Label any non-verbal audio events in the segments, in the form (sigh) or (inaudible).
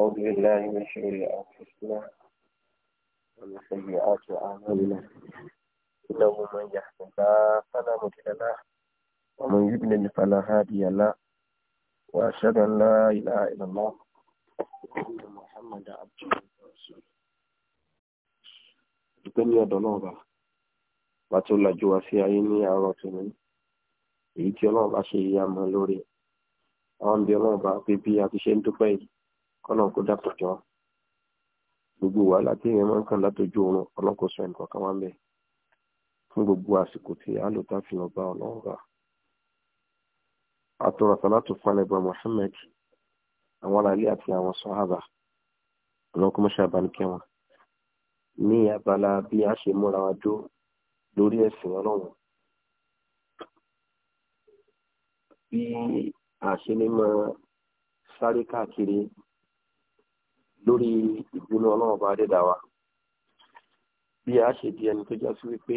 ونعوذ بالله من شرور أنفسنا ومن سيئات أعمالنا إنه من يهد الله فلا مضل له ومن يضلل فلا هادي له وأشهد أن لا إله إلا الله وأن محمدا عبده ورسوله dúpẹ́ ní ọ̀dọ̀ náà bá bá èyí tí ọlọ́run bá ṣe ìyá mọ́ lórí àwọn bí ọlọ́run bá pé bí a ti ṣe ń dúpẹ́ yìí kọ́lọ́n kó dàpọ̀ jọ gbogbo wàhálà tí èèyàn máa ń kàn látọjú oorun ọlọ́run kó sọ ẹnìkan kan wá ń bẹ̀ fún gbogbo àsìkò tí àlòtá fi lọ bá ọlọ́run gbà. àtọ̀rọ̀ sàlátù fanẹ̀bà Muhammad àwọn aráalé àti àwọn sọ́hábà ọlọ́run mọ́ṣẹ́ àbánikẹ́ wọn ní abala bí a ṣe múra wa dó lórí ẹ̀sìn ọlọ́run bí a ṣe ní máa sáré káàkiri lórí ìgbóná ọlọ́run bá wa. bí a ṣe di ẹni tó já sí wípé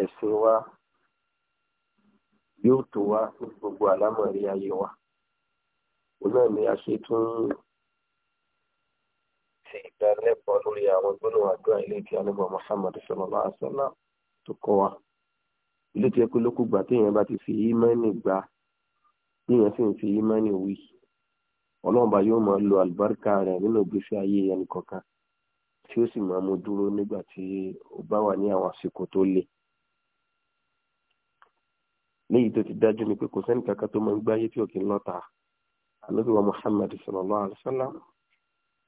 ẹ̀sìn wa yóò tó wa ní gbogbo ayé wa òun náà ni a ṣe tún ṣe ìdánilẹ́kọ̀ọ́ lórí àwọn gbóná àdúrà ilé tí tó kọ́ wa ilé tí ẹ pé lókùgbà téèyàn bá ti fi ímánì gbà téèyàn sì ń fi ọlọ́run bá yóò máa lo àlùbáríkà rẹ̀ nínú ìgbésí ayé ẹnì kọ̀ọ̀kan tí ó sì máa mú dúró nígbà tí ó bá wà ní àwọn àsìkò tó le. léyìí tó ti dájú ni pé kò sẹ́ni kankan tó máa ń gbáyé tí òkè ń lọ́ta ànábì wa Muhammad sallallahu alaihi wasallam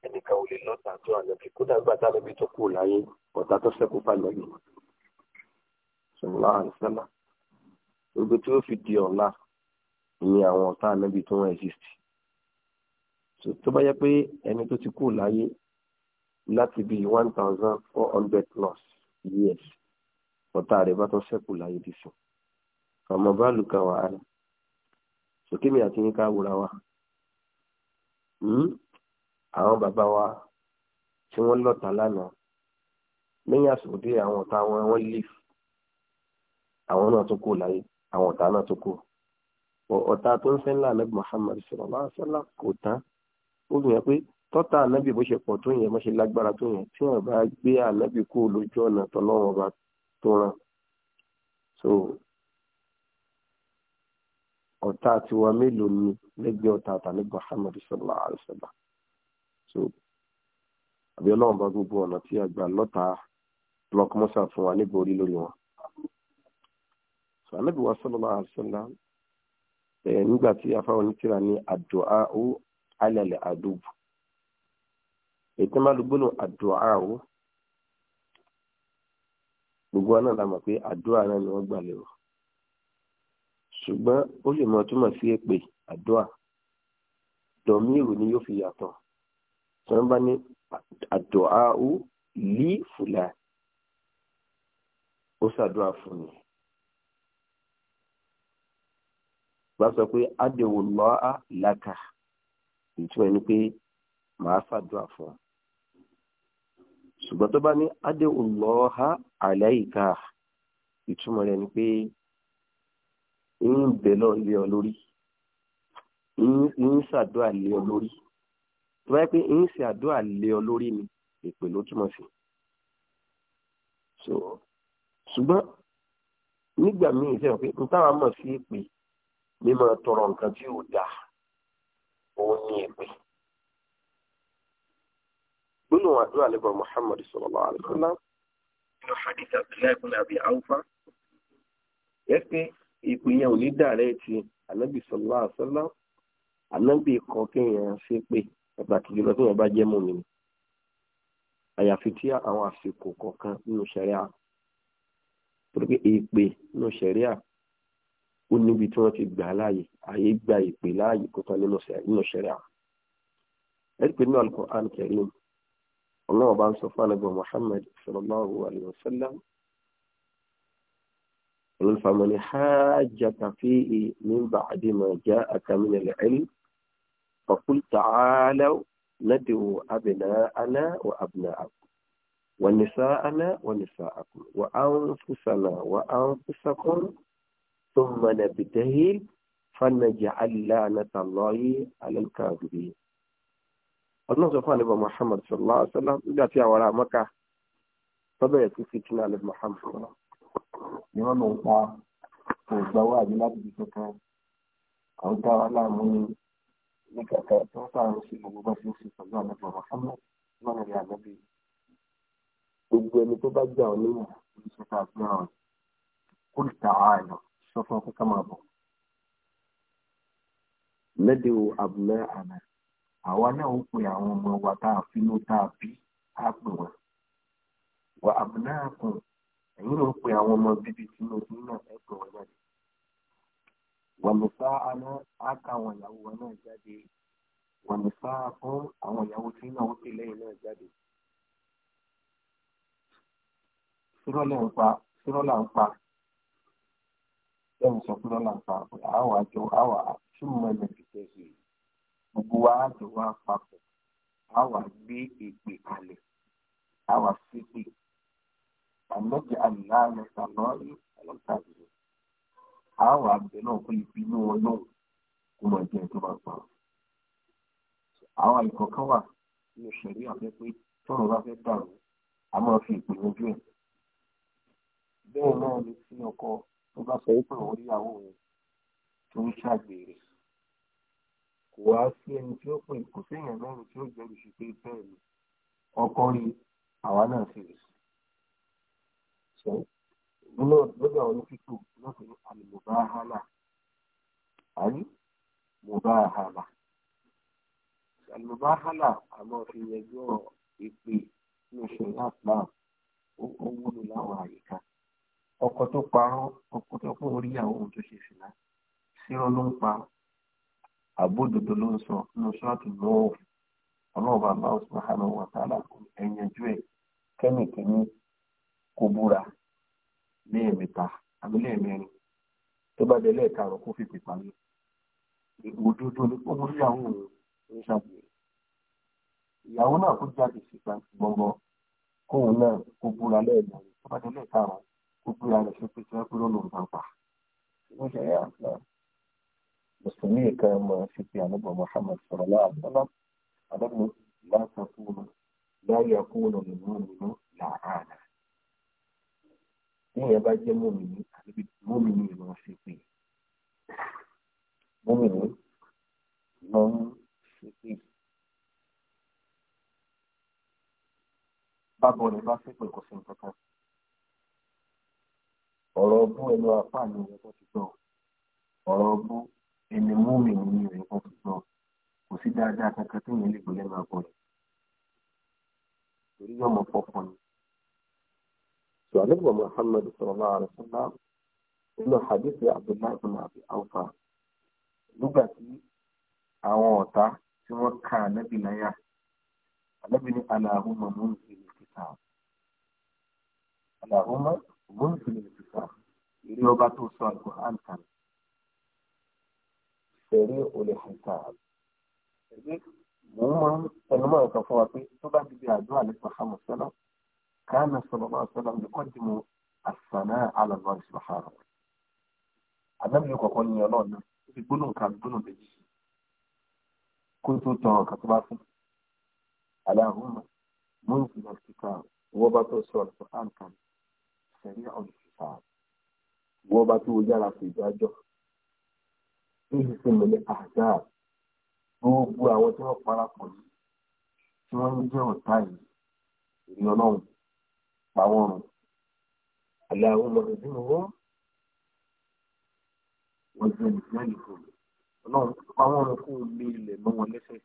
ẹnìkan ò lè lọ́ta tó ànábì kódà nígbà tá ànábì tó kù láyé ọ̀tá tó ṣẹ́kù bá lọ́yìn sallallahu alaihi wasallam gbogbo tí ó fi di ọ̀la ìyẹn àwọn ọ̀tá ànábì tó wọ́n exist tó bá yẹ pé ẹni tó ti kú láyé láti bíi one thousand four hundred plus years ọ̀tá rẹ̀ bá tún ṣẹ́kù láyé ti sùn ọmọ bá lùkà wàhálà sókè mi àti yín ká wúra wa hmm? àwọn bàbá wa tí wọ́n lọ́ta lánàá lẹ́yìn àsòdì àwọn ọ̀tá wọn wọ́n leave àwọn náà tó kù láyé àwọn ọ̀tá náà tó kù ọ̀tá tó ń fẹ́ ńlá ànábì Muhammad sallallahu alaihi kò tán ó lò yẹn pé tọ́ta ànábì bó ṣe pọ̀ tó yẹn bó ṣe lágbára tó yẹn tí wọ́n bá gbé ànábì kúrò lójú ọ̀nà tọ́lọ́wọ́n bá tó ràn so ọ̀tá tiwa mélòó ni lẹ́gbẹ̀ẹ́ ọ̀tá àtàlẹ́gbẹ̀ Muhammad sallallahu alaihi so àbí ọlọ́run bá gbogbo ọ̀nà tí a gbà lọ́ta block mọ́sá fún wa níborí lórí wọn so ànábì wa sallallahu alaihi wasallam ẹ̀ nígbà tí afáwọn onítìrà ní àdúà ó alẹ́lẹ̀ àdúgbò ètò máa dùgbò náà àdúrà àwọ gbogbo wa náà la mọ̀ pé àdúrà náà ni wọ́n gbà lérò ṣùgbọ́n ó lè mọ túmọ̀ sí èpè àdúrà dọ̀míìrù ni yóò fi yàtọ̀ tí wọ́n bá ní àdúrà ó lí fùlà ó ṣàdúrà fún mi. bá sọ pé adéwòlọ́à làkà ìtumọ̀ ẹni pé màá fàdúrà fún ọ ṣùgbọ́n tó bá ní adé olóha àlàyíká ìtumọ̀ rẹ̀ ni pé ń bẹ̀ lọ lé ọ lórí ń ṣàdúrà lé ọ lórí tó bá yẹ pé ń ṣàdúrà lé ọ lórí ni èpè ló túmọ̀ sí so ṣùgbọ́n nígbà míì sẹ́wọ̀n pé n táwa mọ̀ sí èpè mímọ tọrọ nǹkan tí ò dáa òun ni èpè. nínú àdúrà lẹ́bọ̀ Muhammad sallallahu alaihi wasallam nínú hadith Abdullahi ibn Abi Awfa yẹ pé ìpè yẹn ò ní dàrẹ́ ti ànábì sallallahu alaihi wasallam ànábì kan kéèyàn ṣe pé pàtàkì jùlọ tí wọ́n bá jẹ́ mọ́mi ni àyàfi tí àwọn àsìkò kọ̀ọ̀kan nínú ṣẹ̀ríà torí pé èpè nínú ṣẹ̀ríà ó níbi tí wọ́n ti gbà láàyè àyè gba èpè láàyè kó tán nínú ṣẹ̀ríà ẹ̀rí pé nínú Al-Qur'an Karim الله بان سفان ابو محمد صلى الله عليه وسلم فمن حاجك فيه من بعد ما جاءك من العلم فقل تعالوا ندعو أبناءنا وأبناءكم ونساءنا ونساءكم وأنفسنا وأنفسكم ثم نبتهل فنجعل لعنة الله على الكاذبين ọlọ́run sọ fún àlebà muhammad sallallahu alaihi wa sallam nígbà tí àwọn ará mọ́kà tọ́bẹ̀rẹ̀ sí fitina alẹ́ muhammad sallallahu ni wọ́n lòun pa kò gbà wá àbí láti ibi kankan àwọn dá wa láàmú ní ní kàkà tó ń sàrùn sí gbogbo bá ṣe ń ṣe pẹ̀lú àlebà muhammad lọ́nà ìyá àlẹ́bí gbogbo ẹni tó bá gbà ọ́ nínú ìṣe tá a gbé ọ̀ kó lè ta àá lọ sọ ọkọ ká bọ̀ lẹ́dẹ̀ẹ́ àwa náà ó pe àwọn ọmọ wa tá a fi ló tá a bí á pè wọn wà àbùnà kan ẹ̀yin náà pe àwọn ọmọ bíbí tí náà ẹ pè wọn jáde wà nìfà àná á àwọn ìyàwó wọn náà jáde wà nìfà fún àwọn ìyàwó tí náà ó gbogbo wa á jọ wá papọ̀ á wà gbé èpè kalẹ̀ á wà ṣépè àlọ́jì àlùlá mẹ́ta lọ́rí ọlọ́ta ìlú á wà bẹ̀ náà fún ìbínú ọlọ́run kó máa jẹ́ tó máa pa àwọn àìkọ́ kan wà ní òṣèré àfẹ́ pé tọ́rọ̀ bá fẹ́ dàrú a máa fi ìpè ojú ẹ̀ bẹ́ẹ̀ náà ni tí ọkọ tó bá sọ pé òun rí àwọn òun tó ń ṣàgbèrè kò wá sí ẹni tí ó pè kò séèyàn mẹ́rin tí ó jẹ́rìí sí pé bẹ́ẹ̀ ni ọkọ rí àwa náà sì rí sí. nínú lọ́dọ̀ àwọn onífífò náà pé àlùmọ̀báhálà àrí mọ̀báhálà àlùmọ̀báhálà àmọ́ fi yẹjọ́ ìpè ní ìṣẹ̀lẹ̀ àpá ó wúlò láwọn àyíká ọkọ tó parọ́ ọkọ tó kó orí àwọn ohun tó ṣe fìlà sírọ́ ló ń pa àbójútó ló ń sọ nínú ṣọ́ọ̀tù lọ́wọ́ ọlọ́run bàbá subhanahu wa ta'ala ẹ̀yànjú ẹ̀ kẹ́nìkẹ́ni kó búra lẹ́ẹ̀mẹ́ta àbí lẹ́ẹ̀mẹ́rin tó bá dé lẹ́ẹ̀karùn kó fìpè pamọ́ òdodo ni kó lórí àwọn òun ní ṣàbùrẹ́ ìyàwó náà kó jáde síta gbọ̀ngbọ̀n kóun náà kó búra lẹ́ẹ̀mẹ́rin tó bá dé lẹ́ẹ̀karùn kó búra rẹ̀ ṣe pé tí wọ́n pé lọ́nà òun mùsùlùmí kan mọ̀ sí ti ànábọ̀ Muhammad sallallahu alaihi wasallam ànábọ̀ láti kúrò láyé kúrò nínú nínú làánà. Ní ìyẹn bá jẹ́ mọ́mìnì àbíbi mọ́mìnì ìmọ̀ sí pé mọ́mìnì ìmọ̀ sí pé bábọ̀ rẹ̀ bá sí pé kò sí nǹkan kan. Ọ̀rọ̀ ọgbọ́n ẹnu apá ni ìyẹn tó ti gbọ́. Ọ̀rọ̀ ọgbọ́n ẹni mú mi ní rẹ̀ kan ṣùgbọ́n kò sí dáadáa kankan tó yẹn lè gbọ́ lẹ́nu àbọ̀ rẹ̀ torí yọmọ pọ̀pọ̀ ni. سؤالك محمد صلى الله عليه وسلم إنه حديث عبد الله بن أبي أوفى nígbà tí àwọn ọ̀tá tí wọ́n ka ànábì láyà ànábì ní aláhùnmá múnzìlì kìtà aláhùnmá múnzìlì kìtà ìrí ọba tó sọ àgọ́ àǹtàn sẹ̀rí olè fìtà. Mo máa ń ẹnu máa ń kàn fún wa pé tó bá di bí àdúrà lè sọ̀rọ̀ àmọ̀ sọ́lá káàmì sọ̀rọ̀ máa sọ́lá lè kọ́ di mu àṣànà àlọ́lọ́ ìṣòro. Àdábìyẹ kọ̀ọ̀kan ni ọlọ́ọ̀nà ó fi gbóná nǹkan gbóná méjì kó tó tọ̀ ọ̀kan tó bá fún. Aláhùnmá mo ń jìnnà síta wọ́n bá tó sọ̀rọ̀ fún àǹkan sẹ̀rí olè níbi tí mo lè àdá gbogbo àwọn tí wọ́n parapọ̀ yìí tí wọ́n ń jẹ́ ọ̀tá yìí èyí ọlọ́run àwọn ọ̀run àlẹ́ àwọn ọmọ ìdí mi wọ́n wọ́n jẹ́ olùfẹ́ ìlú ọlọ́run àwọn ọ̀run kò lé ilẹ̀ mọ́ wọn lẹ́sẹ̀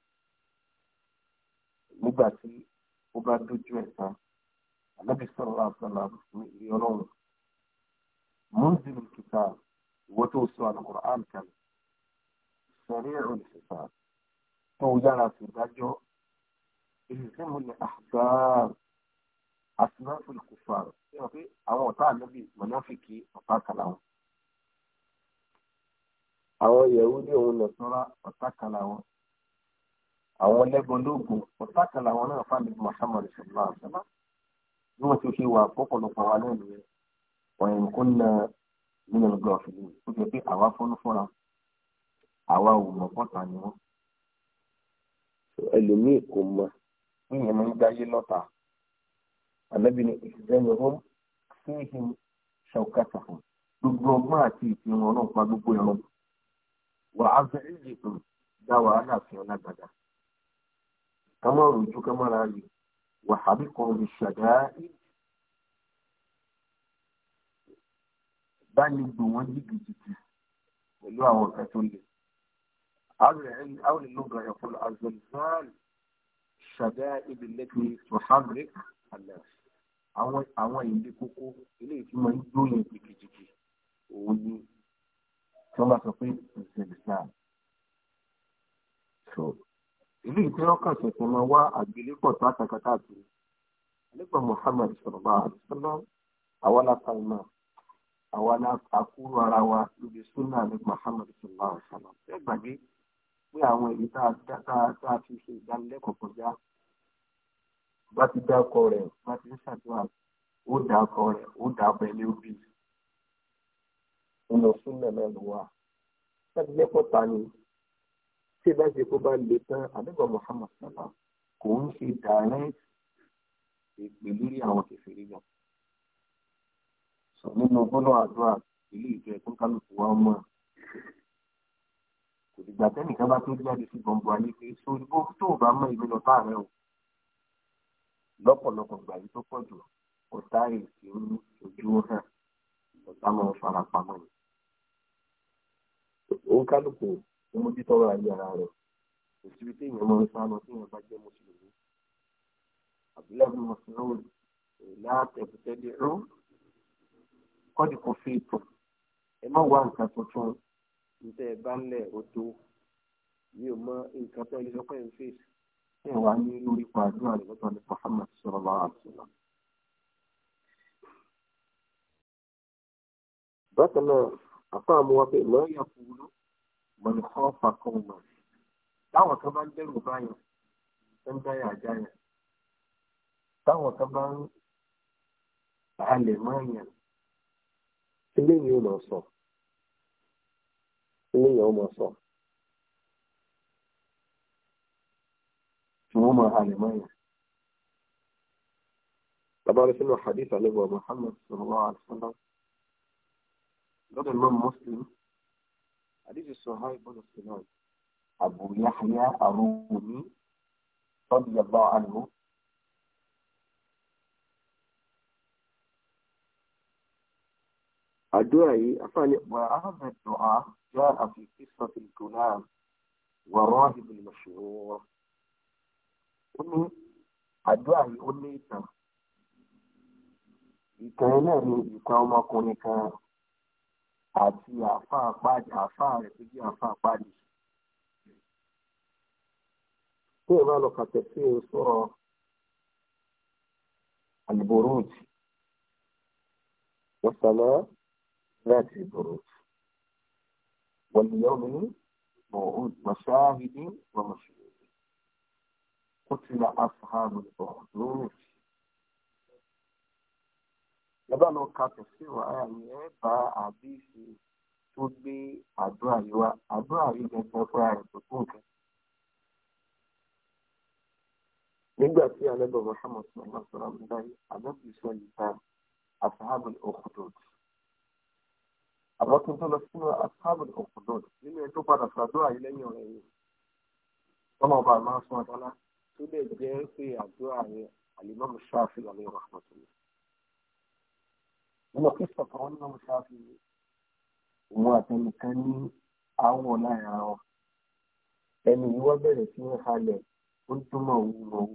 nígbà tí ó bá dójú ẹ̀ tán ànábì sọ̀rọ̀ àṣàlà ìlú ọlọ́run mú kìtà ìwọ́n tó sọ àlùkò àǹkàlẹ̀. سريع الحساب توجد في الرجل إلزام الأحزاب أصناف الكفار أو أطاع النبي منافقي أطاع كلامه àwọn yahudi òun nọ̀sọ́ra ọ̀tàkà làwọn àwọn lẹ́gbọ̀ndógún ọ̀tàkà làwọn náà fáwọn ibi muhammad sallallahu alaihi wasallam bí wọ́n ti ṣe wà pọ̀pọ̀lọpọ̀ wa náà nìyẹn ọ̀yìn kún náà nínú gọ́ọ̀fù yìí ó jẹ́ pé àwa fọ́nú fọ́ra àwa ò mọ̀ pọ́ta ni wọ́n. ẹlòmíì kò mọ̀ ìyẹn máa ń dáyé lọ́ta ànábì ni ìsìnkú ọ̀hún fíhìn ṣàkàtà fún gbogbo ọgbọ́n àti ìfihàn náà pa gbogbo ẹran wà á fẹ́ ìyẹ̀kọ̀ dá wàhálà fi hàn lágbàdá ká má rojú ká má ra rí wàhálì kan lè ṣàdá bá gbò wọ́n jìgìjìgì pẹ̀lú àwọn ọ̀kẹ́ tó le. أو العلم أو اللغة يقول الزلزال الشدائد التي تحرك الناس àwọn àwọn ìlé kókó eléyìí tí wọn ń gbóyè jìgìjìgì òun ni tí wọn bá sọ pé ìṣẹ̀lẹ̀ sáà so eléyìí tí wọn kàn ṣẹ̀ṣẹ̀ máa wá àgbélépọ̀ tó àtàkàtà àti nígbà Muhammad sọlọba àdìsọlọ àwa láta iná àwa láta kúrò ara wa níbi súnà ní Muhammad sọlọba àdìsọlọ ẹgbàgbé pé àwọn èyí tá a fi ṣe ìdánilẹ́kọ̀ọ́ kọjá bá ti dákọ rẹ̀ bá ti ń ṣàdúrà ó dákọ rẹ̀ ó dábọ ẹni ó bí nínú súnmọ̀ náà ló wà láti lẹ́kọ̀ọ́ ta ni tí ẹ bá ṣe kó bá le tán àdúgbò Muhammad sallá kò ń ṣe dàrẹ́ èpè lórí àwọn kẹfìrí lọ sọ nínú gbọ́dọ̀ àdúrà ilé ìjọ ẹ̀kọ́ kálukú wa mọ́ ẹ̀ kò dìgbà tẹ́nìkan bá tó jáde sí gbọ̀ngbọ̀ ayé pé sórí bó tó o bá mọ ìlú lọ bá rẹ o lọ́pọ̀lọpọ̀ gbà yìí tó pọ̀ jù ọ̀tá èsì ń ojú hàn ọ̀tá máa ń fara pamọ́ ni. ó kálukú ó mójú tọrọ ayé ara rẹ̀ kò síbi tí èèyàn máa ń sá lọ tí èèyàn bá jẹ́ mùsùlùmí. àbúlé bí mo sọ ọ́ ìlà àtẹ̀kùtẹ̀dẹ̀ rú kọ́ni kò fi ètò ẹ má wá nǹkan tuntun níta ẹ̀ bá lẹ̀ ó tó mi ò mọ nǹkan tó ń sọ pé ń fèsì ní ìwà ní lórí pàdúrà rẹ̀ lọ́tọ̀ ní Muhammad sallallahu a wasallam. bákan náà àpá àmúwa pé ìmọ̀ ẹ̀yà kúrú mọ̀nì kan fà kan mọ̀ táwọn kan bá ń bẹ̀rù báyọ̀ tó ń dáyà àjáyà táwọn kan bá ń halẹ̀ mọ́ àyàn ilé yìí ò lọ sọ̀rọ̀. سنية وما صار وما علمية لبارك إنه حديث عليه محمد صلى الله عليه وسلم قد المام مسلم حديث السهاي بن السلام أبو يحيى أروني رضي الله عنه أدعي أفاني وأعظم الدعاء جاء في قصة الكلاب وراهب المشهور أمي أدعي أمي ìtàn náà ni ìtàn ọmọkùnrin kan àti àáfàá pàdé àáfàá rẹ̀ tó jẹ́ àáfàá pàdé. tí ìbá lọ kàtẹ́ sí o sọ̀rọ̀ àlùbọ̀rọ̀jì wọ́n sọ̀rọ̀ láti ìbọ̀rọ̀jì. واليوم موعود مشاهد ومشهود قتل أصحاب الأخدود لبالو كاتسي وآيه با عديسي تودي أدواي وأدواي لتفراي تكوك نبقى في ألبا محمد صلى الله عليه وسلم أدواي سوى أصحاب الأخدود àwọn tó ń tó lọ sínú asábùn òkùnlò nínú ẹni tó padà ṣàdúrà yìí lẹ́yìn ọ̀rẹ́ yìí ọmọ ọba àmọ́ sún àtàlá tó lè jẹ́ pé àdúrà rẹ àlìmọ́mù ṣáàfì lọ́lẹ́ ìrọ̀lẹ́ nínú kristo kan nínú ọmọ ṣáàfì òun àtẹnìkan ní àwọn lára wọn ẹni yìí wọ́n bẹ̀rẹ̀ sí ń halẹ̀ ó ń túmọ̀ òun lọ́wọ́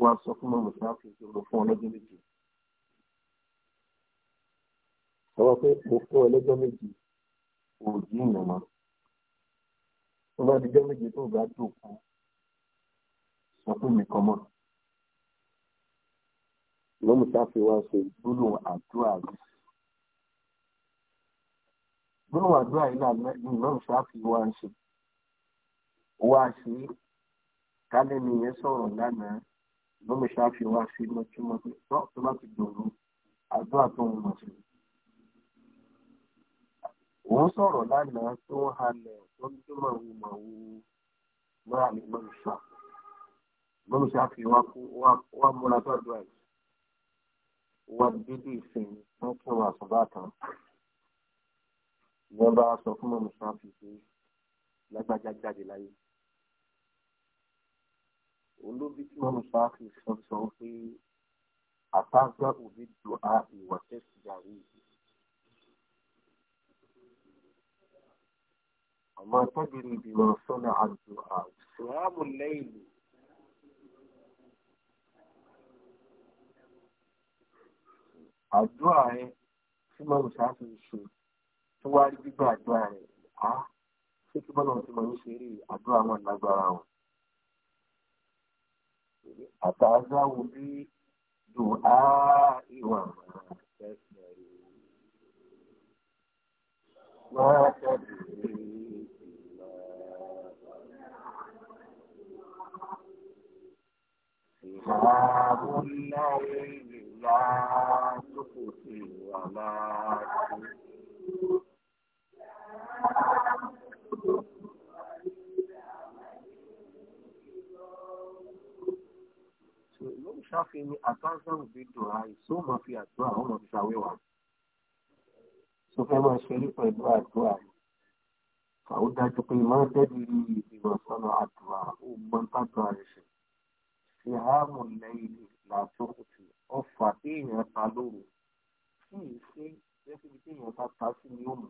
wọ́n sọ fún ọmọ ṣáàfì tó lọ fún ọlọ́dún méjì lọ́wọ́ pé mo fún ọ lọ́jọ́ méjì kò jí ìyàn mọ́ tó bá dijọ́ méjì tó bá tó kú sọ fún mi kan mọ́ lọ́mù sáfì wá ṣe gbólóhùn àdúrà rí gbólóhùn àdúrà yìí ni lọ́mù sáfì wá ń ṣe wá ṣe kálẹ̀ nìyẹn sọ̀rọ̀ lánàá lọ́mù sáfì wá ṣe mọ́tímọ́tí tó bá ti dòrò àdúrà tó ń mọ̀ sí i òun sọ̀rọ̀ lánàá tó ń halẹ̀ tó ń jó màwù màwù lọ́wọ́ àmì gbọ́mùsà gbọ́mùsà fi wá múra tó àdúrà yìí wá dídí ìsìn tó kí wọn àsọ̀bá kan ìyẹn bá sọ fún gbọ́mùsà fi pé lágbájá jáde láyé olóbi tí gbọ́mùsà fi sọ sọ pé àtàgbà òbí dùn á ìwà tẹ̀sí yàrá yìí. وما تدري بما صنع الدعاء سهام الليل àdúrà rẹ tí mo ń ṣáàtì ṣe tó wá rí gbígbà àdúrà rẹ á ṣé kí bọ́lá tí mo ń ṣe rí àdúrà wọn lágbára wọn. àtàzá wo bí dùn á ìwà máa tẹ̀sán rẹ̀ wọ́n á tẹ̀sán rẹ̀. أصحاب النعيم لا تقصي ولا Ṣáfi ni àtàzàn ìbídò àìsó máa fi àdúrà wọn máa fi ṣàwéwà. Sọ fẹ́ máa ṣe rí pẹ̀lú àdúrà rẹ̀. Fàó dájú pé máa dẹ́bi ìgbìmọ̀ sọ́nà àdúrà ó mọ́ tàdúrà rẹ̀ ṣe ìhámù lẹ́yìn làtọ́kùtù ọfà tí èèyàn ta lóru tí ì ṣe jẹ́ síbi tí èèyàn bá ta sí ni ó mú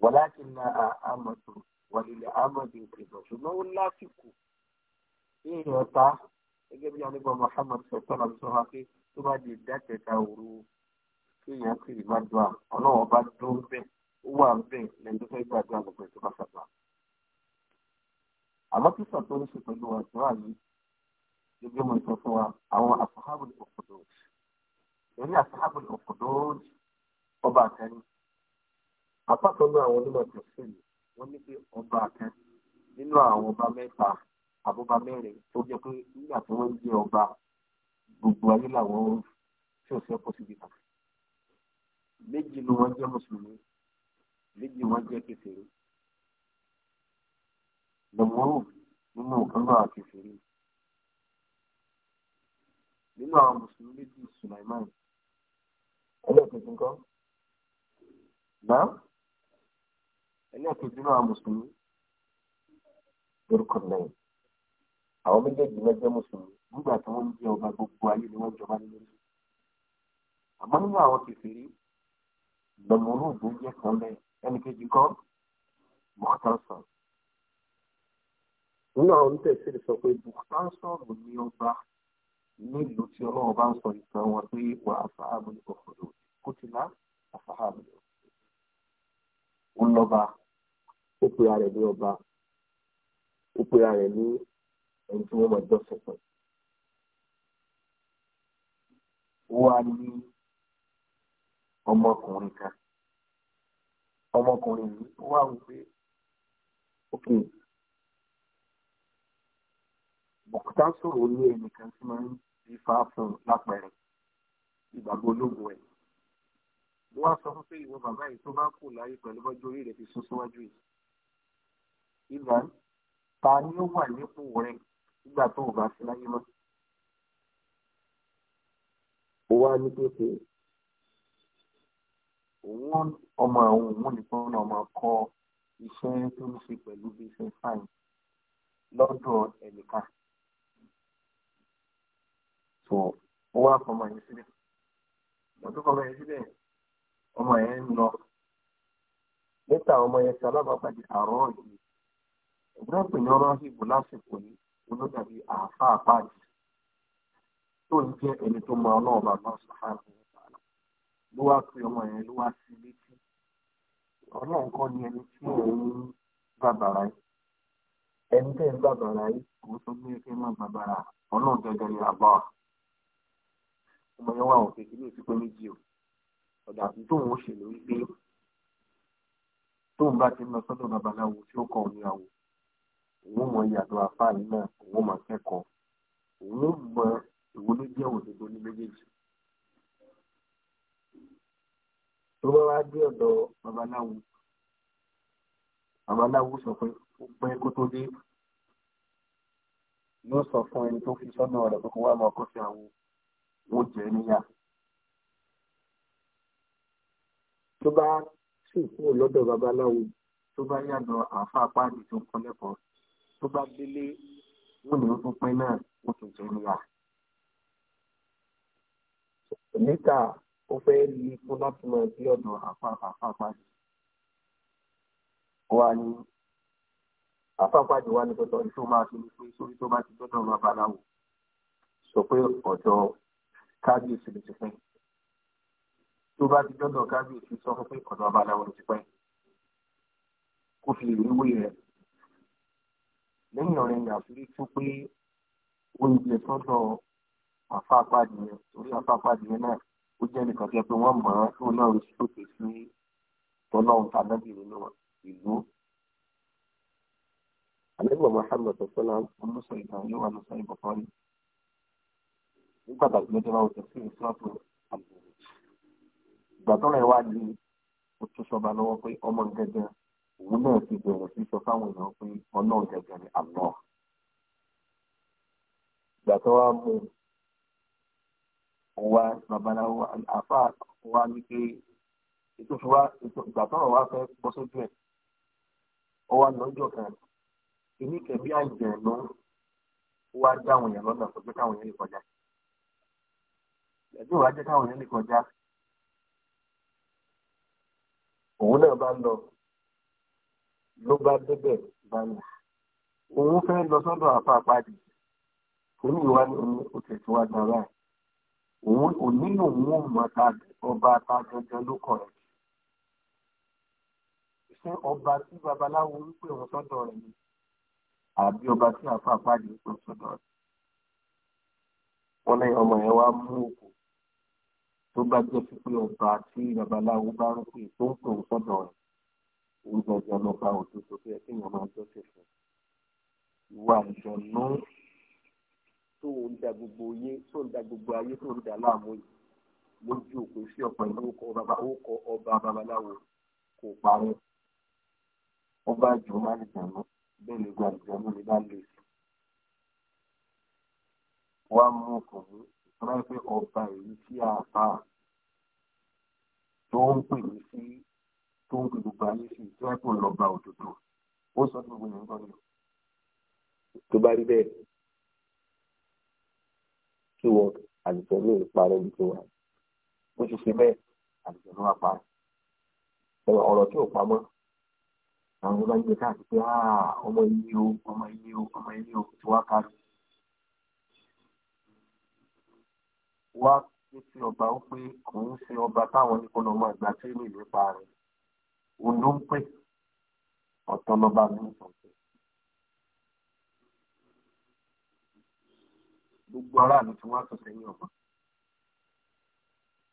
wọláàkì na àmọ̀tò wàlílẹ̀ àmọ̀dé ìpìlọ̀ ṣùgbọ́n ó lásìkò tí èèyàn ta gẹ́gẹ́ bí alẹ́ bá Muhammad sọ̀tọ́lá sọ wá pé tó bá di ìdákẹ́ta òru tí èèyàn sì rí bá dùn à ọlọ́wọ́ bá dún bẹ́ẹ̀ ó wà bẹ́ẹ̀ lẹ́yìn tó fẹ́ gbàdúrà gbogbo ètò bá ṣàgbà àmọ́ kí sọ tó ní ṣe pẹ̀lú àṣírà yìí gẹ́gẹ́ mo sọ fún wa àwọn àfọhábùlì òkùdóòjì èyí àfọhábùlì òkùdóòjì ọba àtẹni apákan náà àwọn onímọ̀ tẹ̀síìlì wọ́n ní pé ọba àtẹni nínú àwọn ọba mẹ́ta àbúba mẹ́rin tó jẹ́ pé nígbà tí wọ́n jẹ́ ọba gbogbo ayé làwọn tí ò sẹ́kọ̀ọ́ síbi kan méjì ni wọ́n jẹ́ mùsùlùmí méjì wọ́n jẹ́ kékeré lòmúrù nínú ìkánná àti ìfèrè nínú àwọn mùsùlùmí méjì Sulaiman ẹlẹ́ẹ̀kejì ńkọ́ náà ẹlẹ́ẹ̀kejì nínú àwọn mùsùlùmí lórúkọ lẹ́yìn àwọn méjèèjì lọ jẹ́ mùsùlùmí nígbà tí wọ́n ń jẹ́ ọba gbogbo ayé ni wọ́n jọba lórí àmọ́ nínú àwọn kèfèrí lọ́mọ́rùn-ún jẹ́ kan lẹ́yìn ẹnìkejì kan mọ̀ọ́tà sọ̀rọ̀ nínú àwọn onítẹ̀sílẹ̀ sọ pé bùkátà sọ̀rọ̀ ní ọba nílùú tí ọlọ́run bá ń sọ ìtàn wọn pé wà á fà á mú ní kòkòrò kó ti lá àfà á mú ní kòkòrò. ó ń lọ́ba ó pe ara rẹ̀ ní ọba ó pe ara rẹ̀ ní ẹni tí wọ́n máa jọ́sìn pẹ̀lú. ó wá ní ọmọkùnrin kan ọmọkùnrin yìí ó wá wù pé ókè. Okay mọ̀kútà sọ̀rọ̀ ní ẹnìkan tí máa ń fi fa fún lápẹ̀rẹ̀ ìgbàgbọ́ ológun ẹ̀. mo wá sọ fún pé ìwọ bàbá yìí tó bá kù láyé pẹ̀lú bọ́jọ́ orí rẹ̀ fi sún síwájú yìí. ìgbà ta ni ó wà nípò rẹ̀ nígbà tó o bá sí láyé mọ́. ó wá ní pépè òun ọmọ àwọn òun nìkan náà máa kọ́ iṣẹ́ tó ń ṣe pẹ̀lú bí iṣẹ́ fáìn lọ́dọ̀ ẹnìkan. so ó wá fọmọ yẹn síbẹ̀ wọ́n tó fọmọ yẹn síbẹ̀ ọmọ yẹn ń lọ níta ọmọ yẹn ti alábàápàdé yìí ẹ̀gbọ́n pè ní ọ̀rọ̀ ìbò lásìkò yìí olódàbí àáfàá pàdé tó ń jẹ́ ẹni tó mọ ọlọ́run bàbá ló wá ọmọ yẹn ló wá sí létí ọlọ́run kọ́ ni ẹni tí òun bàbàrà yìí ẹni tẹ́ ń bàbàrà sọ bàbàrà ọlọ́run àbá ọmọ yẹn wà wọn pé kíní ìsìnkú méjì o ọ̀dà àti tóun ó ṣe lórí pé tóun bá ti ń lọ sọ́dọ̀ babaláwo tí ó kọ òun àwò òun mọ ìyàtọ̀ àfáàní náà òun mọ akẹ́kọ̀ọ́ òun mọ ìwo ló jẹ́ òdodo ní méjèèjì. tó bá wá dé ọ̀dọ̀ babaláwo babaláwo sọ pé ó pẹ́ kó tó dé yóò sọ fún ẹni tó fi sọ́nà rẹ̀ pé kó wá máa kọ́ sí àwọn wọ́n jẹ níyà. tó bá sì kúrò lọ́dọ̀ babaláwo tó bá yàtọ̀ àáfàá páàdì tó ń kọ́ lẹ́kọ̀ọ́ tó bá délé wọ́n ní fún pín náà wọ́n tún jẹ níyà. níta ó fẹ́ lè fún láti mọ ẹbí ọ̀dọ̀ àáfàá àáfàá páàdì. wà ní àáfàá páàdì wà ní tọ́tọ́ ní máa fi ní pé sórí tó bá ti dọ́dọ̀ babaláwo sọ pé ọ̀dọ̀ kábíyèsí ló ti pín tó bá ti dọ́dọ̀ kábíyèsí sọ fún pé ọ̀dọ̀ abaláwo ló ti pín kó fi ìwé rẹ̀ lẹ́yìn ọ̀rẹ́ àfírí tó pé oúnjẹ sọ́dọ̀ àfáàpàdìyẹ torí àfáàpàdìyẹ náà ó jẹ́ nìkan jẹ́ pé wọ́n mọ̀ ọ́n tó náà rí sókè sí tọ́lọ́run tàbí nínú ìlú. àlẹ́ ìwọ̀n Muhammad sọ́lá ọmọ sọ ìtàn yóò wà nígbà tàbí mẹ́jọ bá wọjọ sí ìṣúrọtò àbúrò ìgbà tó rẹ wá di ó tún sọba lọ́wọ́ pé ọmọ gẹ́gẹ́ òun náà ti bẹ̀rẹ̀ sí sọ fáwọn èèyàn pé Ọlọ́run gẹ́gẹ́ ni àná ìgbà tó wá mú wa babaláwo àfa wa ní pé ètò ìgbà tó rọ wá fẹ́ bọ́ sójú ẹ ọ wá lọ́jọ́ kan èmi kẹbí àjẹ ló wá dáhùn yẹn lọ́nà tó gbé káwọn yẹn lè kọjá sí ẹgbẹ́ òwá jẹ́ káwọn èèyàn lè kọjá òun náà bá lọ ló bá débẹ̀ bá lọ òun fẹ́ lọ sọ́dọ̀ àpáàpáàdì òun ìwà ni òun ò tẹ̀sí wá dára òun ò nínú òun ò mọ ọba ta dandan ló kọ̀ ẹ̀ ṣé ọba tí babaláwo ń pè wọn sọ́dọ̀ rẹ̀ ni àbí ọba tí àpáàpáàdì ń pè wọn sọ́dọ̀ rẹ̀ wọn lẹ́yìn ọmọ yẹn wá mú òkú tó bá jẹ́ pípé ọba tí babaláwo bá ń pè tó ń pè ń sọ́dọ̀ rẹ̀ òun gbọ̀ngàn ọlọ́ba òdodo bí ẹ kéèyàn máa jọ́sìn fún ìwà ìjọ̀nà tó ń da gbogbo ayé tó ń da gbogbo ayé tó ń da láàmú yìí lójú òpin sí ọ̀pọ̀ ìlú orúkọ ọba babaláwo kò parẹ́ ọba jù má lè jẹun bẹ́ẹ̀ lè gba ìjọ̀nà mi bá lè sùn wá mú ọkàn wọ́n fẹ́ ọba èyí tí a fà tó ń pè mí sí tó ń pè gbogbo ayé sí tí wọ́n kò lọ́ba òdodo ó sọ fún gbogbo ènìyàn lọ. tó bá rí bẹ́ẹ̀ kí wọ́n àlùfẹ́ ní ìparẹ́ ibi tó wà ó ṣe ṣe bẹ́ẹ̀ àlùfẹ́ ló wá pa ẹ̀wọ̀n ọ̀rọ̀ tí ò pamọ́ àwọn ọba yìí káàkiri pé ọmọ iye o ọmọ iye o ọmọ iye o ti wá kárí. wá ké sí ọba ó pé kò ń ṣe ọba táwọn ní kó lọ máa gba tírénì nípa rẹ̀ òun ló ń pè ọ̀tọ̀ lọ́ba mi ń sọ̀tẹ̀. gbogbo aráàlú tí wọ́n á sọ̀tẹ̀ ní ọba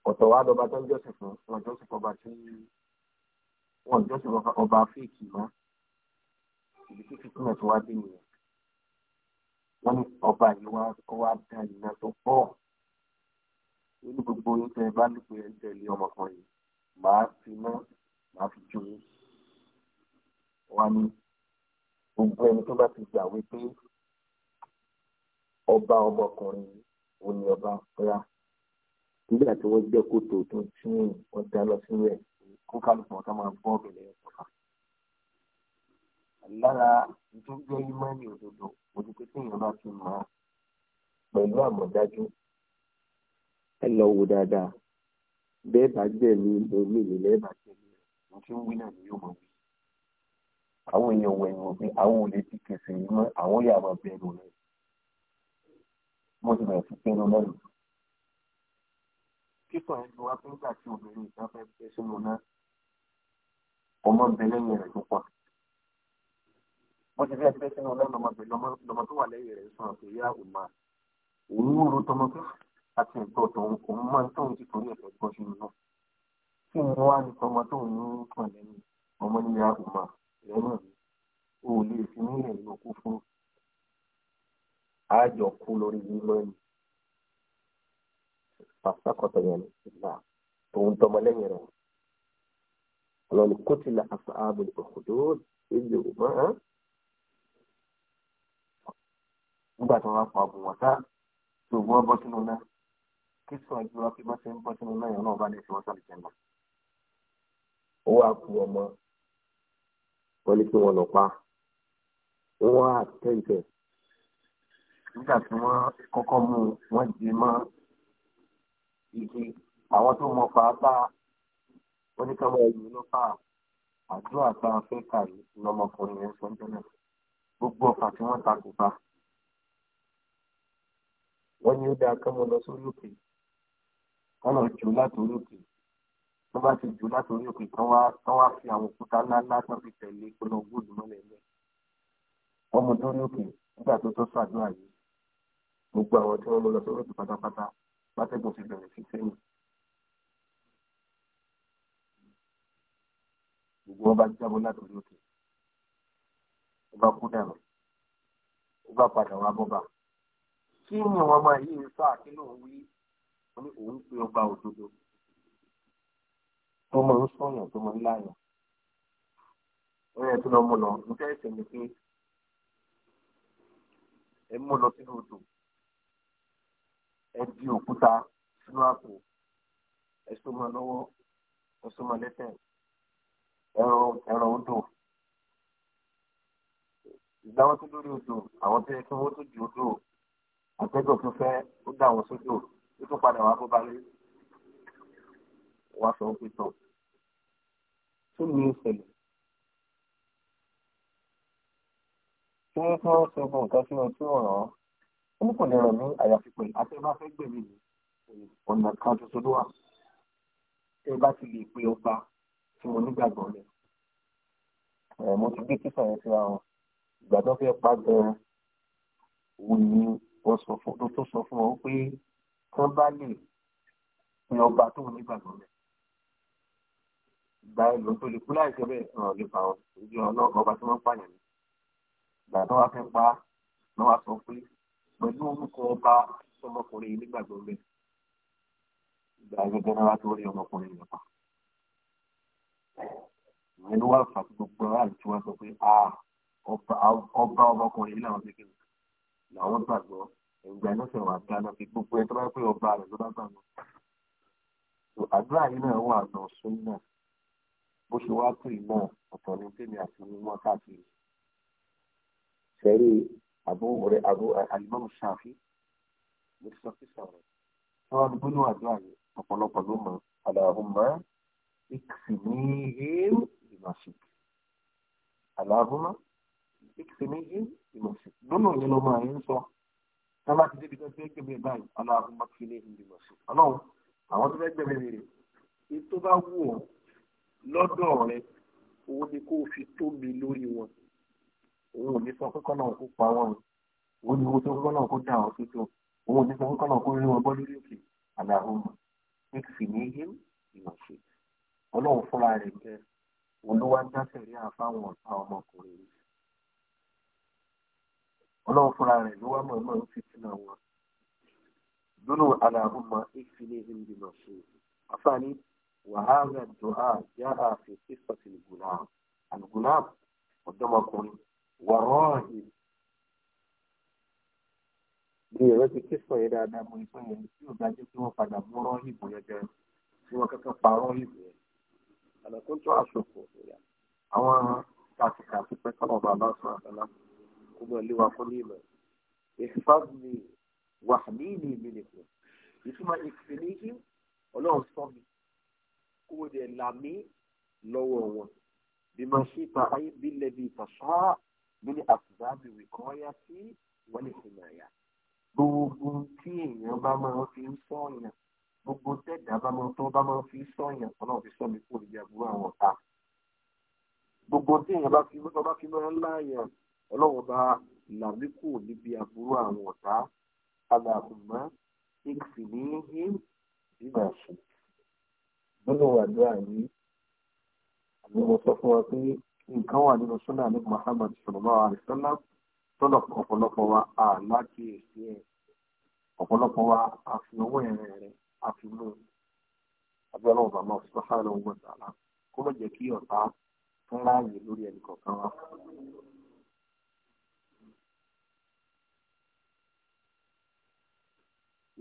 ọ̀tọ̀ wa lọ́ba tó ń jọ́sìn fún wọn jọ́sìn ọba tí wọn jọ́sìn ọba fíìkì mọ́ ibi tí fífúnà tó wá dé nìyẹn wọ́n ní ọba yìí wá dá iná tó pọ̀ ó ní gbogbo oyún tẹ́ ẹ bá ní pé ẹ ń tẹ̀lé ọmọkùnrin yìí màá fi mọ́ màá fi jó yín wá ní gbogbo ẹni tó bá ti gbà wípé ọba ọmọkùnrin ò ní ọba ọ̀pẹ́ra nígbà tí wọ́n jẹ́ kótó tó ń tún wọn dá lọ sílẹ̀ kó kálukú wọn ká máa bọ́ ọ̀bẹ̀lẹ̀ ọ̀fà. lára tó ìmọ̀ ní òdodo òdìpẹ́ tí èèyàn bá ti mọ̀ ọ́ pẹ̀lú àmọ̀dájú ẹ lọ wò dáadáa bẹ́ẹ̀ bá gbẹ̀mí omi mi lẹ́ẹ̀ bá gbẹ̀mí rẹ̀ mo ti ń wí náà ní yóò mọ̀ wí. àwọn èèyàn wẹ̀yìn wò pé àwọn ò lè ti kẹsẹ̀ yìí mọ́ àwọn yà máa bẹ̀rù rẹ̀ mo ti bẹ̀rẹ̀ sí pinnu lẹ́nu. kíkọ̀ ẹni wá pé nígbà tí obìnrin ìta fẹ́ bẹ́ sínú náà ọmọ bẹ lẹ́yìn rẹ̀ tó pọ̀. mo ti fẹ́ bẹ́ sínú náà lọ́mọ tó wà lẹ́yìn rẹ̀ sọ̀rọ̀ pé yá òun máa òun ń ro tọmọ fún àti ẹ̀gbọ́n tòun òun máa ń tóun ti torí ẹ̀fẹ̀ gbọ́ sínú náà kí ni wàá ní tọmọ tóun ní kàn lẹ́yìn ọmọ níyà ọmọ lẹ́yìn mi o ò lè fi mí ẹ̀yìn òkú fún àjọ kú lórí mímọ́ ni pàṣẹkọ̀tọ̀ yẹn ní ìgbà tòun tọmọ lẹ́yìn rẹ̀ ọlọ́ni kótìlá àṣà ààbò ìkòkòdó ìlú mọ́ ọ́n. nígbà tí wọ́n bá pa ọ̀gùn wọ̀ta tí ògùn ọbọ̀ sínú náà kí sọ ju wa pé bá ṣe ń bọ́ sínú náà náà bá ní ìṣòwò sọ̀rọ̀ ìjẹun ó wàá ku ọmọ wọlé kí wọn lọ pa wọn á tẹ ìfẹ́ nígbà tí wọ́n kọ́kọ́ mú wọn di mọ́ igi àwọn tó mọ fàáfà oníkàwé ẹ̀yìn ló fà àdúrà tá a fẹ́ kà yìí lọmọkùnrin yẹn sọ jẹ́lẹ̀ gbogbo ọ̀fà tí wọ́n ta kò bá wọ́n ní ó dáa kán mo lọ sórí òkè yìí kọ́nà jù látòrí òkè tó bá ti jù látòrí òkè tán wá tán wá fi àwọn òkúta ńláńlá tán fi tẹ̀lé ìpinnu góòlù mọ́lẹ̀ lẹ́ ọmọ dórí òkè nígbà tó tó ṣàdúrà yìí gbogbo àwọn tí wọ́n lọ sórí òkè pátápátá látẹ̀gùn ti bẹ̀rẹ̀ sí sẹ́yìn. gbogbo wọn bá jábọ́ látòrí òkè ó bá kú dànù ó bá padà wá bọ́ba kí ni wọn máa yí ìfà kí ló ń wí ó ní òun pe ọba òdodo tó máa ń sọyàn tó máa ń láyàn ó yẹ kí lọ mú lọ níta ẹsẹ ni pé ẹ mú lọ sínú odò ẹ di òkúta sínú àpò ẹ so mọ́ lọ́wọ́ ẹ so mọ́ lẹ́sẹ̀ ẹrọ ẹrọ odò ìdáwọ́sí lórí odò àwọn tó wọ́n tó di odò àtẹ́gùn tó fẹ́ ó dà wọ́n sódò ó tún padà wá bó bá rí wá sọ pé tán tó ní ìṣẹ̀lẹ̀ tí wọ́n tí wọ́n ṣe fún nǹkan sí wọn tí wọ́n rán ó ní kò ní rẹ̀ ní àyàfi pẹ̀lú àti ẹ bá fẹ́ gbẹ̀mí ọ̀nà kan tuntun ló wà tí ẹ bá ti lè pe ọba tí mo nígbàgbọ́ lẹ̀ mo ti gbé kíkà yẹn síra wọn ìgbà tó fẹ́ pa gan-an òun ni wọ́n sọ fún tó sọ fún ọ pé tán bá lè pin ọba tóun nígbàgbọ́ rẹ̀ ìgbà ẹ̀ lóun tó lè kú láìsẹ̀ bẹ́ẹ̀ ọ̀rọ̀ lè fà wọn ìdí ọlọ́run ọba tí wọ́n pààyàn ní ìgbà tó wá fẹ́ pa wọ́n wá sọ pé pẹ̀lú orúkọ ọba ọmọkùnrin yìí nígbàgbọ́ rẹ̀ ìgbà ẹ̀ gẹ́gẹ́ náà wá tó rí ọmọkùnrin yìí pa ìyẹn ló wà fà gbogbo aráàlú tí wọ́n sọ pé ah, ọba ọmọkùnrin yìí làwọn gbàgbọ́ ìgbà náà sì wà dáná fi gbogbo ẹ tó bá pé ọba rẹ ló bá gbà wọn. àdúrà yìí náà wà nà sún náà bó ṣe wá pè náà ọ̀tọ̀ ní tèmi àti mímọ́ káàkiri. sẹ́rí àbó ọ̀rẹ́ àbó alimọ́mù ṣáfi ló sọ sí sọ̀rọ̀. sọ́wọ́n ní gbóná àdúrà yìí ọ̀pọ̀lọpọ̀ ló mọ̀ aláhùnmá ìkìsì ní hìm ìmọ̀sík. aláhùnmá ìkìsì ní hìm ìmọ̀sík. lónà ló máa ń sọ tọ́ba ti débi tó fẹ́ gbẹ̀mí báyìí aláàbùmá fi lé ìlú lọ sí ọlọ́run àwọn tó fẹ́ gbẹ̀mí rẹ̀ ètò bá wù ọ́ lọ́dọ̀ rẹ owó ni kó o fi tóbi lórí wọn òun ò ní sọ pé kọ́nà kó pa wọn òun ni owó tó kọ́nà kó dà ọ́ títọ́ òun ò ní sọ pé kọ́nà kó rí wọn bọ́ lórí òkè aláàbùmá ní kìsì ní yé ìmọ̀ sí ọlọ́run fúnra rẹ̀ jẹ́ olúwa ń dá àfáwọn ọ̀tá ọmọkùnrin yìí ọlọ́run fúnra rẹ̀ ló wá mọ̀ mọ́ ń fìtínà wọn lónà aláàbùmọ̀ ìfìlẹ̀ ìrìnbìmọ̀ sí afáàní wàhálà dùhà já àfi sísọ̀tì gùnà àgùnà ọ̀dọ́mọkùnrin wàrọ́ọ̀hì bí ẹ̀rọ ti kí sọ yẹn dáadáa mo ìfẹ́ yẹn tí ò dájú pé wọ́n padà mú rọ́ọ̀hì bò yẹn jẹ tí wọ́n kẹ́kẹ́ pa rọ́ọ̀hì yẹn àlàkùn àṣòfò àwọn kàtìkàtì pẹ́ kọ́nà bàbá sọ àtàlámù kó mọ̀ lé wa fún ní ìmọ̀ ìfàmì wàhálìní mi nìkan ìtumọ̀ ìfìníhì ọlọ́run sọ mi kó o dẹ̀ là mí lọ́wọ́ wọn bí mo ṣe ta ayé bí lẹ́bi ìtàṣá mi ní àtìdáàbì wìkọ́yà sí wọ́n lè fi mọ̀ ẹ̀yà gbogbo tí èèyàn bá máa fi ń sọ̀yàn gbogbo tẹ́ẹ̀dá bá máa tó bá máa fi ń sọ̀yàn ọlọ́run fi sọ mi kúrò níbi àbúrò àwọn ọ̀tá gbogbo tí èèyàn bá fi máa ń láàyàn ọlọ́run bá làmí kù níbi àbúrò àwọn ọ̀tá alàmùmá ìkìsì ní yín bíbà ṣe. gbọ́dọ̀ wà ní àyè àmì mo sọ fún wa pé nǹkan wà nínú súnà ní Muhammad tọ́lọ̀ ọ̀pọ̀lọpọ̀ wa ẹ̀ ọ̀pọ̀lọpọ̀ wa àfi owó ẹ̀rẹ̀ rẹ̀ àfi mú abẹ́ ọlọ́run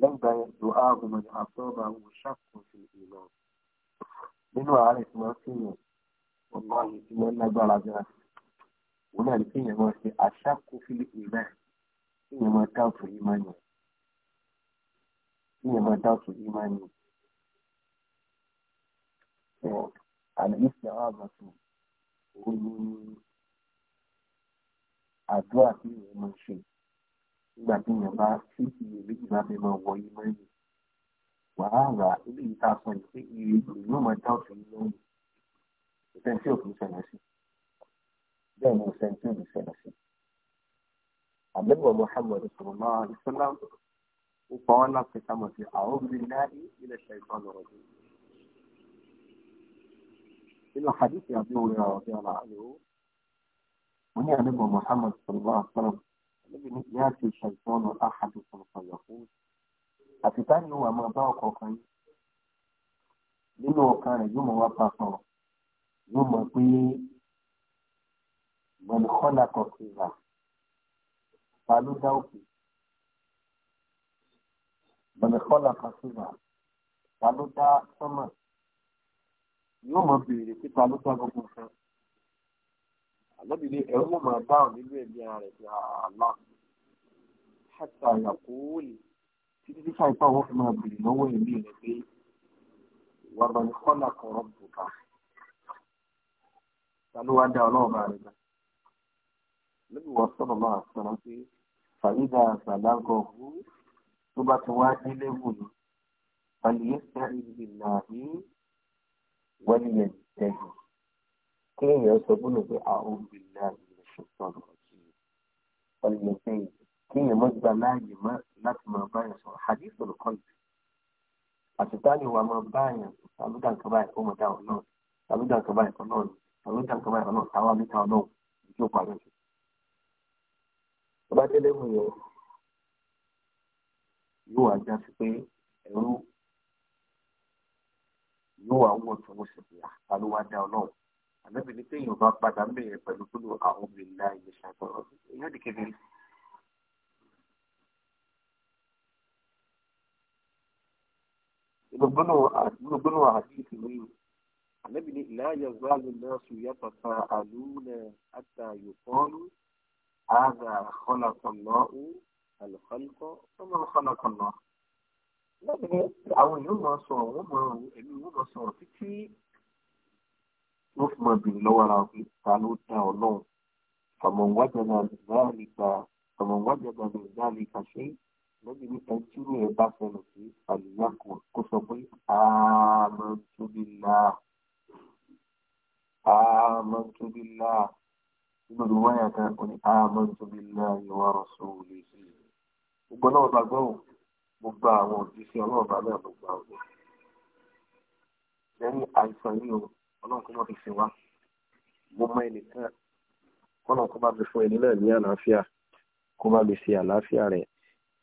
lẹ́gbà ẹ̀dùn ààbò mọ̀ àbọ̀bà àwọn ṣàkóso ìlọ nínú ààrẹ tí wọ́n fi yàn ọmọ yìí tí wọ́n lágbára gan òun náà ní kí èèyàn máa ṣe àṣàkóso ìlọ kí èèyàn máa dáàbò yìí máa yàn kí èèyàn máa dáàbò yìí máa yàn àlàyé sí àwọn àbàtù òun ni àdúrà tí èèyàn máa ṣe nígbà tí èèyàn bá tí iyèméjì bá fẹ́ máa wọ ìmọ̀ ẹ̀yìn wàhálà ilé yìí tá a sọ yìí pé iyèméjì yóò máa dá òtún yìí lóhùn ìfẹ́ tí òkú ṣẹlẹ̀ sí bẹ́ẹ̀ ni ìfẹ́ tí òkú ṣẹlẹ̀ sí. àbẹ̀wò Muhammad sallallahu alaihi ó pa wọn láti sámọ̀ sí àwọn obìnrin náà ilẹ̀ ṣe ìtọ́ lọ́rọ̀ sí. nínú hadith àbí orin àwọn ọ̀gá àlọ́ wọn ní àbẹ̀wò Muhammad sallallahu alaihi níbi ní ìyá àti ìṣàìsọ́nù àhàdù sọ̀rọ̀sọ̀rọ̀ fún àti táyì ó wà máa bá ọkọ̀ kan yìí nínú ọkàn rẹ̀ yóò mọ̀ wá pa sọ̀rọ̀ yóò mọ̀ pé mọ̀lẹ́kọ́lá kan ti rà ta ló dá òkè mọ̀lẹ́kọ́lá kan ti rà ta ló dá sọ́mọ̀ yóò mọ̀ béèrè pé ta ló dá gbogbo nǹkan àlọ́bì ni ẹ̀rú mọ̀ máa bá nínú ẹ̀mí ara rẹ̀ fi àlá ṣàtà àyàkóòlì títí tí káìpá wọn fi máa bèrè lọ́wọ́ ẹ̀mí rẹ̀ pé wà bá ní kọ́là kọ̀ọ̀rọ̀ bùkà ta ló wá dá ọlọ́ọ̀bà rẹ̀ gbà lóbi wọ́n sọ̀rọ̀ máa sọ̀rọ̀ pé fàyídà àgbàlagbọ̀ ọ̀hún tó bá ti wá dé lẹ́wù ni fàlìyé sẹ́rìn wọ́n yẹn tẹ̀yìn kéèyàn sọ bọ́ọ̀lù pé àwọn obìnrin àmì ìṣòtọ́ ọ̀rọ̀ sí i ọ̀nà ìgbẹ́yìn kéèyàn mọ́ gba láàyè mọ́ láti máa báyàn sọ̀rọ̀ hadith olùkọ́ni àtìtánì wa máa báyàn tàbí dànkà báyìí ó mọ̀ dá ọ̀ náà tàbí dànkà báyìí kan náà ni tàbí dànkà báyìí kan náà táwa níta ọ̀ náà ìdí ò parí ọ̀sẹ̀. tó délé mu yẹn yóò wá já sí pé ẹ̀rú yóò wá wọ̀ tó wọ́n sì fi àtàlù wá dá ọ náà ànábì ní pé èèyàn bá padà ń bẹ̀rẹ̀ pẹ̀lú kúlù àwọn obìnrin ilé ṣàtọ̀rọ̀ èèyàn di kébìrì. gbogbo àdìsí mi ànábì ní ìlàyà záàlù náà sùn yàtọ̀ ta àlùlẹ̀ àtàyò pọ́ọ́lù àgà àkọlàkọ̀lọ́ọ̀ àlùkọ́lùkọ́ ọmọ àkọlàkọ̀lọ́. láti ní àwọn èèyàn máa sọ̀rọ̀ wọ́n máa ẹ̀mí wọ́n máa sọ̀rọ̀ títí wọ́n fi máa bèrè lọ́wọ́ ara pé ta ló dá ọlọ́run fàmọ̀wájàdà nìyáàlìkà fàmọ̀wájàdà nìyáàlìkà ṣé lẹ́yìn níta jírò ẹ̀ bá ṣẹlẹ̀ sí àlùyá kan kó sọ pé àmọ́tòbílà àmọ́tòbílà nínú wáyà kan ó ní àmọ́tòbílà ìwà rọ̀ṣọ́ òlè sí i gbogbo náà bá gbọ́ gbogbo àwọn òjíṣẹ́ ọlọ́ọ̀bá náà ló gbà ọ̀gbọ́n lẹ́yìn àìsàn yìí o ọlọ́run kó má fi sìn wá mo mọ ẹnìkan kọ́nà kó bá mi fún ẹni náà ní àlàáfíà kó bá mi ṣe àlàáfíà rẹ̀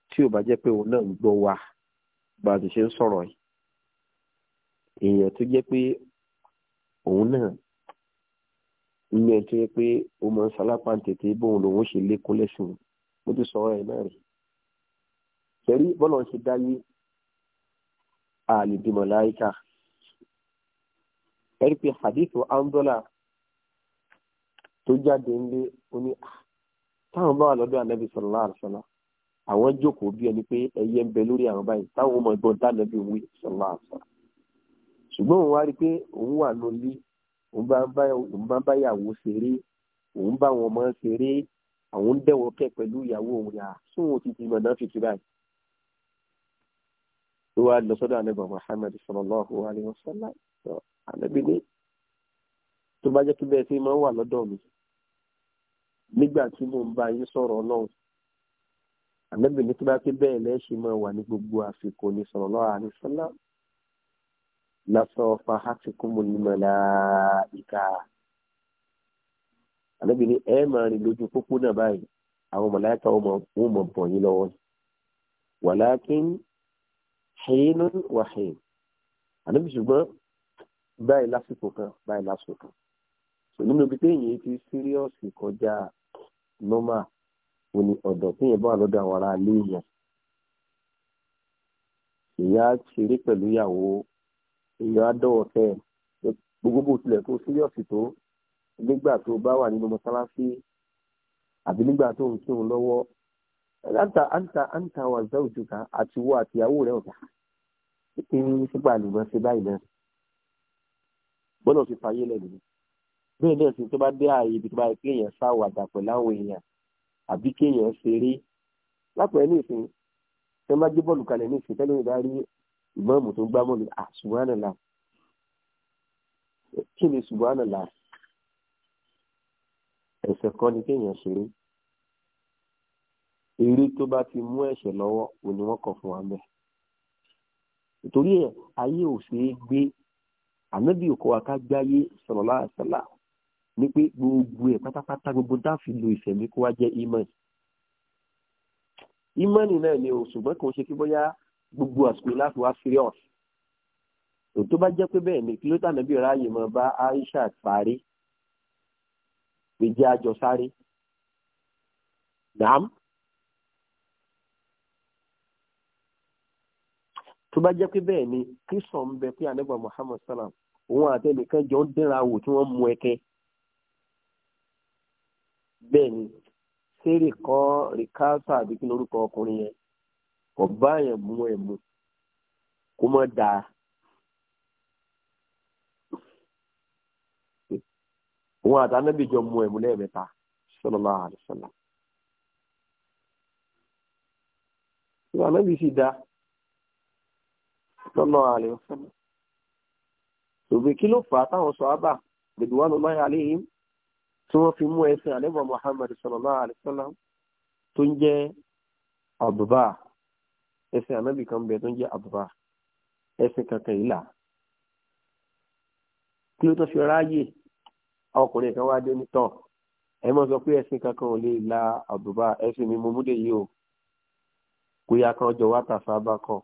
tí ò bá jẹ́ pé òun náà ń gbọ́ wa bá a ti ṣe ń sọ̀rọ̀ yìí èèyàn tó jẹ́ pé òun náà ní ẹni tó yẹ pé ó máa ń salápá tètè bóun lòun ṣe lékún lẹ́sìn mo ti sọ ẹ̀ náà rí ṣẹ́rí bọ́lá ń ṣe dáyé àlè bímọ láyíká ẹ̀rí pé hadith andola tó jáde ńlé ó ní ah, táwọn bá wà lọ́dọ̀ ànábì sallallahu alaihi wasallam àwọn jókòó bí ẹni pé ẹyẹ ń bẹ lórí àwọn báyìí táwọn ọmọ ẹgbọ́n dánàbí òun sallallahu alaihi wasallam ṣùgbọ́n òun wá rí i pé òun wà lólí òun bá ń báyàwó ṣeré òun bá wọn ọmọ ṣeré àwọn ń dẹ̀wọ̀ kẹ́ pẹ̀lú ìyàwó òun yà sóhun ah, ti ti mọ̀nà fi ti báyìí. ló wá lọ sọ́dọ̀ ànábì Muhammad sallallahu alaihi sọ ànábi ní tó bá jẹ́ kí bẹ́ẹ̀ ṣe máa ń wà lọ́dọ̀ mi nígbà tí mo ń bá yín sọ̀rọ̀ náà ànábi ní tó bá pé bẹ́ẹ̀ lẹ́ẹ̀ṣin máa wà ní gbogbo àsìkò ní sọ̀rọ̀ lọ́wọ́ àníṣọ́lá lásọ̀ọ́fà hàtìkùmù ní màláíkà ànábi ní ẹ máa rìn lójú pópó náà báyìí àwọn màláíkà wọn mọ̀ bọ̀ yín lọ́wọ́ wàlákin hìnnú wàhìn ànábi ṣùgbọ́n báyìí lásìkò kan báyìí lásìkò kan so nínú ibi téèyàn ti síríọ̀sì kọjá nọ́mà òní ọ̀dọ̀ téèyàn bá wà lọ́dọ̀ àwọn ará ilé yẹn èèyàn á ṣeré pẹ̀lú ìyàwó èèyàn á dọ̀wọ̀ tẹ̀ gbogbo bó tilẹ̀ tó síríọ̀sì tó nígbà tó bá wà nínú mọ́sálásí àbí nígbà tó ń kírun lọ́wọ́ anta anta anta wa zawjuka àtiwọ́ àtìyàwó rẹ̀ ọ̀gá ìpín sígbà lùmọ̀ sí báyìí náà bọ́lọ̀ fi fàyè lẹ̀ nìyí bẹ́ẹ̀ náà sì tó bá dé ààyè ibi tó bá yẹ kí èèyàn ṣàwàdà pẹ̀lú àwọn èèyàn àbí kí èèyàn ṣeré lápẹ̀ẹ́ nísìnyí tẹ́ má gbé bọ́ọ̀lù kalẹ̀ nísìnyí tẹ́lẹ̀ ìdá rí ìmọ̀ọ́mù tó gbá bọ́ọ̀lù à ah, subhanallah kí ni subhanallah ẹ̀ṣẹ̀ kọ́ ni kí èèyàn ṣeré eré tó bá ti mú ẹ̀ṣẹ̀ lọ́wọ́ òní wọ́n kọ̀ fún wa mẹ́ torí ẹ̀ ayé ò ṣeé gbé ànábì òkò akágbáyé sọlọlá àṣàlà ní pé gbogbo ẹ pátápátá gbogbo dáàfi lo ìfẹ̀mí kó wá jẹ́ imán imán náà ni o ṣùgbọ́n kò ṣe kí bóyá gbogbo àsìkò láti wá serious tó bá jẹ́ pé bẹ́ẹ̀ ni kí ló tànà bí ráàyè bá Aisha sáré lè jẹ́ àjọ sáré dàm tó bá jẹ́ pé bẹ́ẹ̀ ni kí sọ̀ ń bẹ pé anábà Muhammad Sallam òun àtẹnìkan jọ ń dẹ́ra wò tí wọ́n mú ẹkẹ bẹ́ẹ̀ ni sẹ́rì kọ́ rìkásà àbí kí lórúkọ ọkùnrin yẹn kò bá yẹn mú ẹ̀ mú kó mọ̀ dáa. òun àti jọ mú ẹ̀mú lẹ́ẹ̀mẹ́ta sallallahu alaihi wasallam. ìwà anábì sì dá sallallahu alaihi wasallam òbí kí ló fà á táwọn sàhábà ridwanullahi alayhim tí wọ́n fi mú ẹsẹ̀ àlẹ́bọ̀ Muhammad sallallahu alayhi wa sallam tó ń jẹ́ àbùbá ẹsẹ̀ ànábì kan bẹ̀ tó ń jẹ́ àbùbá ẹsẹ̀ kankan yìí là kí ló tó fi ráàyè ọkùnrin kan wá dé nítọ̀ ẹ mọ̀ sọ pé ẹsẹ̀ kankan ò lè la àbùbá ẹsẹ̀ mi mo múdè yìí o kóyá kan jọ wá tà sábà kan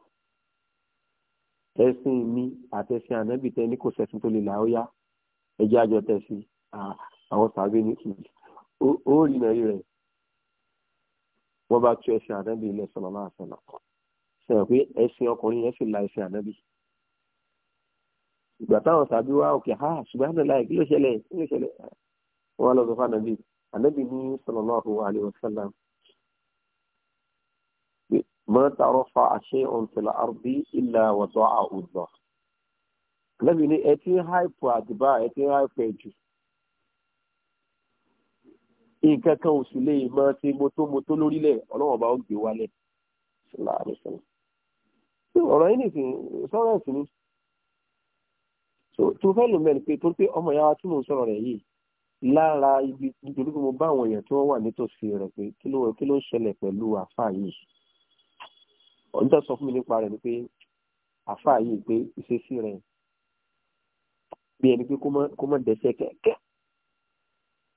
ẹ̀sìn mi àtẹ̀sìn ànábì tẹ́ ní kò sẹ́sìn tó lè là ó yá ẹjẹ́ àjọ tẹ̀sí àwọn sàgbé ní kì í ó rí nàrí rẹ̀ wọ́n bá tú ẹ̀sìn ànábì ilẹ̀ sọ̀rọ̀ máa sọ̀rọ̀ sọ̀rọ̀ pé ẹ̀sìn ọkùnrin yẹn sì la ẹ̀sìn ànábì ìgbà táwọn sàbí wá òkè ha ṣùgbọ́n àná láì kí ló ṣẹlẹ̀ kí ló ṣẹlẹ̀ wọ́n lọ sọ fún ànábì ànábì ní sallallahu alaihi wasallam ما ترفع شيء في الأرض إلا وضع الله lẹ́bi ní ẹtí háìpù àdìbá ẹtí háìpù ẹ̀jù nǹkan kan ò sì lè mọ ti motomoto lórílẹ̀ ọlọ́wọ́n bá ó gbé wálẹ̀ láàrin sọ́nà ọ̀rọ̀ yìí nìsín sọ́rọ̀ ẹ̀sìn ni tó fẹ́ lò mẹ́rin pé tó pé ọmọ ìyá wa tí mò ń sọ̀rọ̀ rẹ̀ yìí lára ibi nítorí pé mo bá àwọn èèyàn tí wọ́n wà nítòsí rẹ̀ pé kí ló ń ṣẹlẹ̀ pẹ̀lú àfáà yìí ọ̀nìtàn sọ fún mi nípa rẹ̀ ni pé àfáà yìí pé ìṣesí rẹ̀ bí ẹni pé kó mọ̀ dẹ́sẹ̀ kẹ̀kẹ́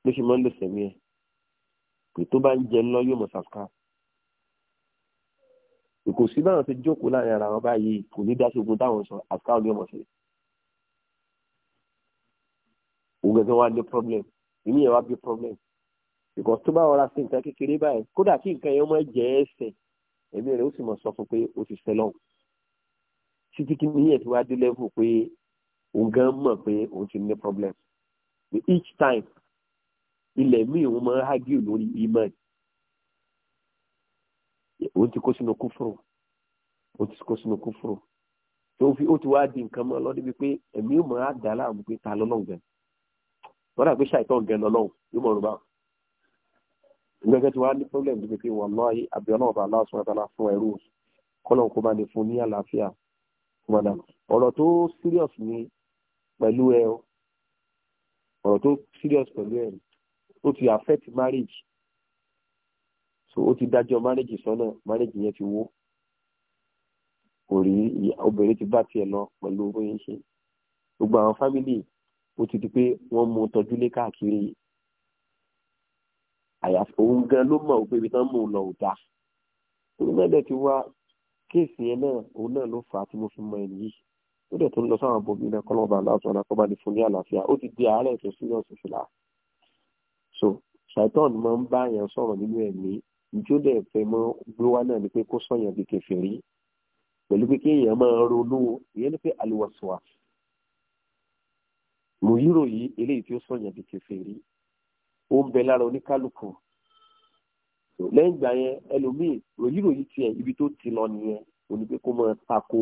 ló ṣe máa ń lò sẹ́mi ẹ̀ pé tó bá ń jẹ ńlọ yóò mọ̀ sàkà kò sí báwọn ṣe jókòó láàrin ara wọn báyìí kò ní dáṣe ogun táwọn sọ àfikà ní ọmọ ṣe òun gẹ́gẹ́ wá ní problem ìní yẹn wá bí problem because tó bá wọra sí nǹkan kékeré báyìí kódà kí nǹkan yẹn mọ jẹ ẹsẹ̀ ẹ̀mí rẹ̀ ó sì mọ̀ sọ fún pé ó ti fẹ́ lọ́hùn títí kí ní ẹ̀tí wá dé level pé òun gan mọ̀ pé òun ti ní problem each time ilẹ̀ míì òun máa ń hágí lórí imán òun ti kó sínú kúfúrú òun ti kó sínú kúfúrú tó fi ó ti wá di nǹkan mọ́ lọ́dún bíi pé ẹ̀mí ò máa dà láàmú pé ta lọ́lọ́hùn gan wọ́n dà pé ṣàìtàn gan lọ́lọ́hùn yóò mọ̀ ọ́n báwọn gbẹ́gbẹ́ tí wàá ní problem níbi pé wàláhì àbí ọlọ́run bá aláṣọ àtàlà fún ẹrú kọ́lọ̀ kó bá lè fún ní àlàáfíà madam ọ̀rọ̀ tó serious ni pẹ̀lú ẹ o ọ̀rọ̀ tó serious pẹ̀lú ẹ ó ti affect marriage so ó ti dájọ́ marriage sọ́nà marriage yẹn ti wó kò rí obìnrin ti bá tiẹ̀ lọ pẹ̀lú bóyá ń ṣe gbogbo àwọn family ó ti di pé wọ́n mú tọ́jú lé káàkiri àyàfi òun gan ló mọ̀ pé ibi tán mú un lọ ò dáa òun náà dẹ̀ ti wá kéèsì yẹn náà òun náà ló fà á tí mo fi mọ ẹni yìí ó dẹ̀ tó ń lọ sáwọn bòmí náà kọ́ lọ́ba aláàtọ̀ alákọ́bá ní fún ní àlàáfíà ó ti di àárẹ̀ tó sí ọ̀sẹ̀ fìlà so ṣàìtọ́ọ̀nù máa ń bá yẹn sọ̀rọ̀ nínú ẹ̀mí ìjó dẹ̀ fẹ́ mọ́ gbé náà ni pé kó sọ̀yàn di kèfèrí pẹ̀lú pé kéèyàn máa ronú ìyẹn ni pé àlùwàsùwà mò ń yúrò yìí eléyìí tí ó sọ̀yàn di kèfèrí ó ń bẹ lára oníkálukú lẹ́yìn ìgbà yẹn ẹlòmíì ròyìnròyìn tiẹ̀ ibi tó ti lọ nìyẹn òní pé kó máa tako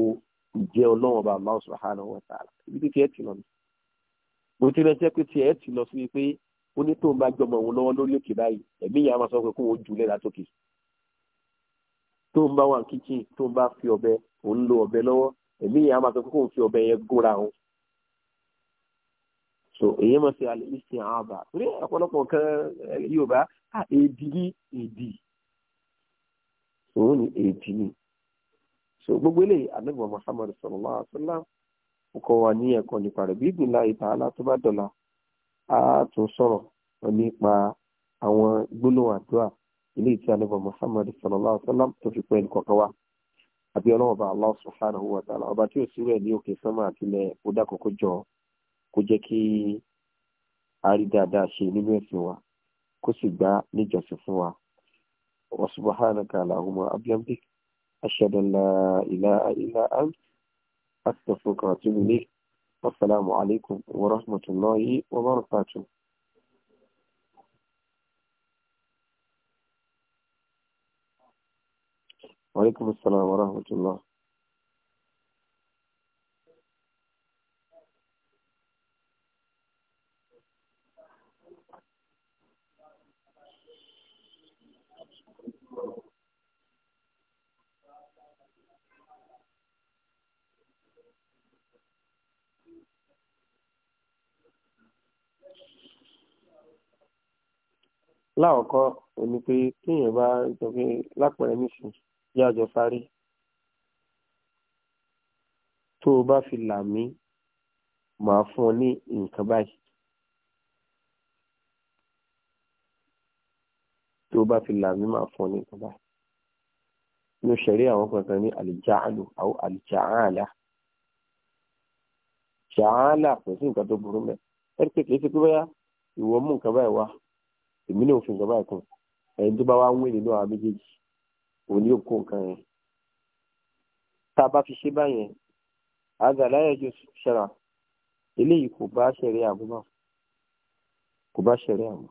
ìjẹ́ ọlọ́run ọba Allah subhanahu wa ta'ala ibi tó tiẹ̀ ti lọ ni mo ti rẹ́sẹ́ pé tiẹ̀ ti lọ sí pé ó ní tóun bá jọmọ òun lọ́wọ́ lórí òkè báyìí ẹ̀mí ìyá máa sọ pé kóun ó jù lẹ́la tókè tóun bá wà kíkì tóun bá fi ọ̀bẹ òun lo ọ̀bẹ lọ́wọ́ ẹ̀mí ìyá máa sọ pé kóun fi ọ̀bẹ yẹn gúnra òun so èyí mọ̀ sí alẹ́sìn a torí ọ̀pọ̀lọpọ̀ kan yoruba à èdì ni so gbogbo eléyìí anagba muhammadu sallallahu alaihi wasallam kọ́ ni ẹkọ ẹ̀kọ́ nípa rẹ̀ bí ìgbìnlá ta'ala tó bá dọ̀la a tún sọ̀rọ̀ nípa àwọn gbólóhùn àdúrà ilé tí sallallahu alaihi wasallam tó fi àbí ọlọ́wọ́ bá ọba tí ò sí rẹ̀ ní òkè àtìlẹ̀ ó jọ kó jẹ́ kí a rí dáadáa ṣe nínú ẹ̀sìn wa kó sì gbà níjọsìn fún wa wa subhanaka allahumma abiyamdik ashhadu an la ilaha illa ant astaghfiruka wa atubu ilayk wassalamu alaikum wa rahmatullahi wa barakatuh وعليكم السلام ورحمة الله láwọ̀kọ́ òní pé kéèyàn bá sọ pé lápẹ̀rẹ̀ nísìnyí jẹ́ àjọ parí tó o bá fi là mí màá fún ọ ní nǹkan báyìí tó o bá fi là mí màá fún ọ ní nǹkan báyìí inú ṣẹ̀rí àwọn kankan ní àlìjáàlù àwọn àlìjáàlà jàálà kò nǹkan tó burú mẹ́ pé kìí ṣe pé bóyá ìwọ mú nǹkan báyìí wá èmi náà òfin ìjọba ẹ̀kan ẹni tó bá wá ń wé nínú àwọn méjèèjì òun ni yóò kó nǹkan yẹn tá a bá fi ṣe báyẹn àgbà láyẹjọ ṣẹra eléyìí kò bá ṣẹrẹ àbúrò kò bá ṣẹrẹ àwọn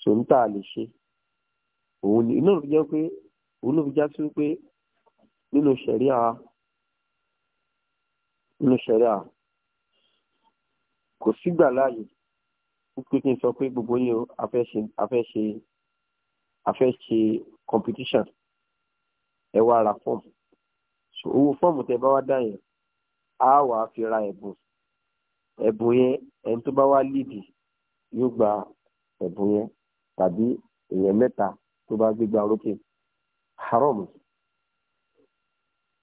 sòńtà lè ṣe òun ni iná ló jẹ́ pé òun ló fi já sí pé nínú ṣẹ̀ríà nínú ṣẹ̀ríà kò sígbà láàyè pé kí n sọ pé gbogbo yìí a fẹ́ ṣe competition ẹ wá ra fọ́ọ̀mù so owó fọ́ọ̀mù tẹ bá wá dá yẹn á wà á fi ra ẹ̀bùn ẹ̀bùn yẹn ẹni tó bá wá lídìí yóò gba ẹ̀bùn yẹn tàbí èèyàn mẹ́ta tó bá gbégbá orókè haram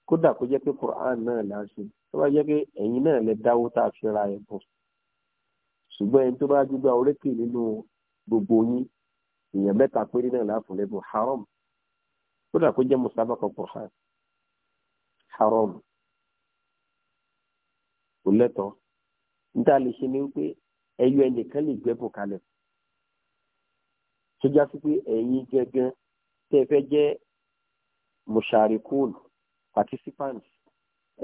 kódà kó jẹ́ pé Quran náà là ń ṣe tó bá jẹ́ pé ẹ̀yin náà lè dáwó tá a fi ra ẹ̀bùn ṣùgbọ́n ẹni tó bá gbígbá orékè nínú gbogbo yín èèyàn mẹ́ta péré náà láàfún lẹ́bùn haram kódà kó jẹ́ musabaqa Qur'an haram kò lẹ́tọ̀ọ́ níta lè ṣe ni pé ẹyọ ẹnìkan lè gbẹ́bùn kalẹ̀ tó já sí pé ẹ̀yin gẹ́gẹ́ tẹ́ fẹ́ jẹ́ musharikun participants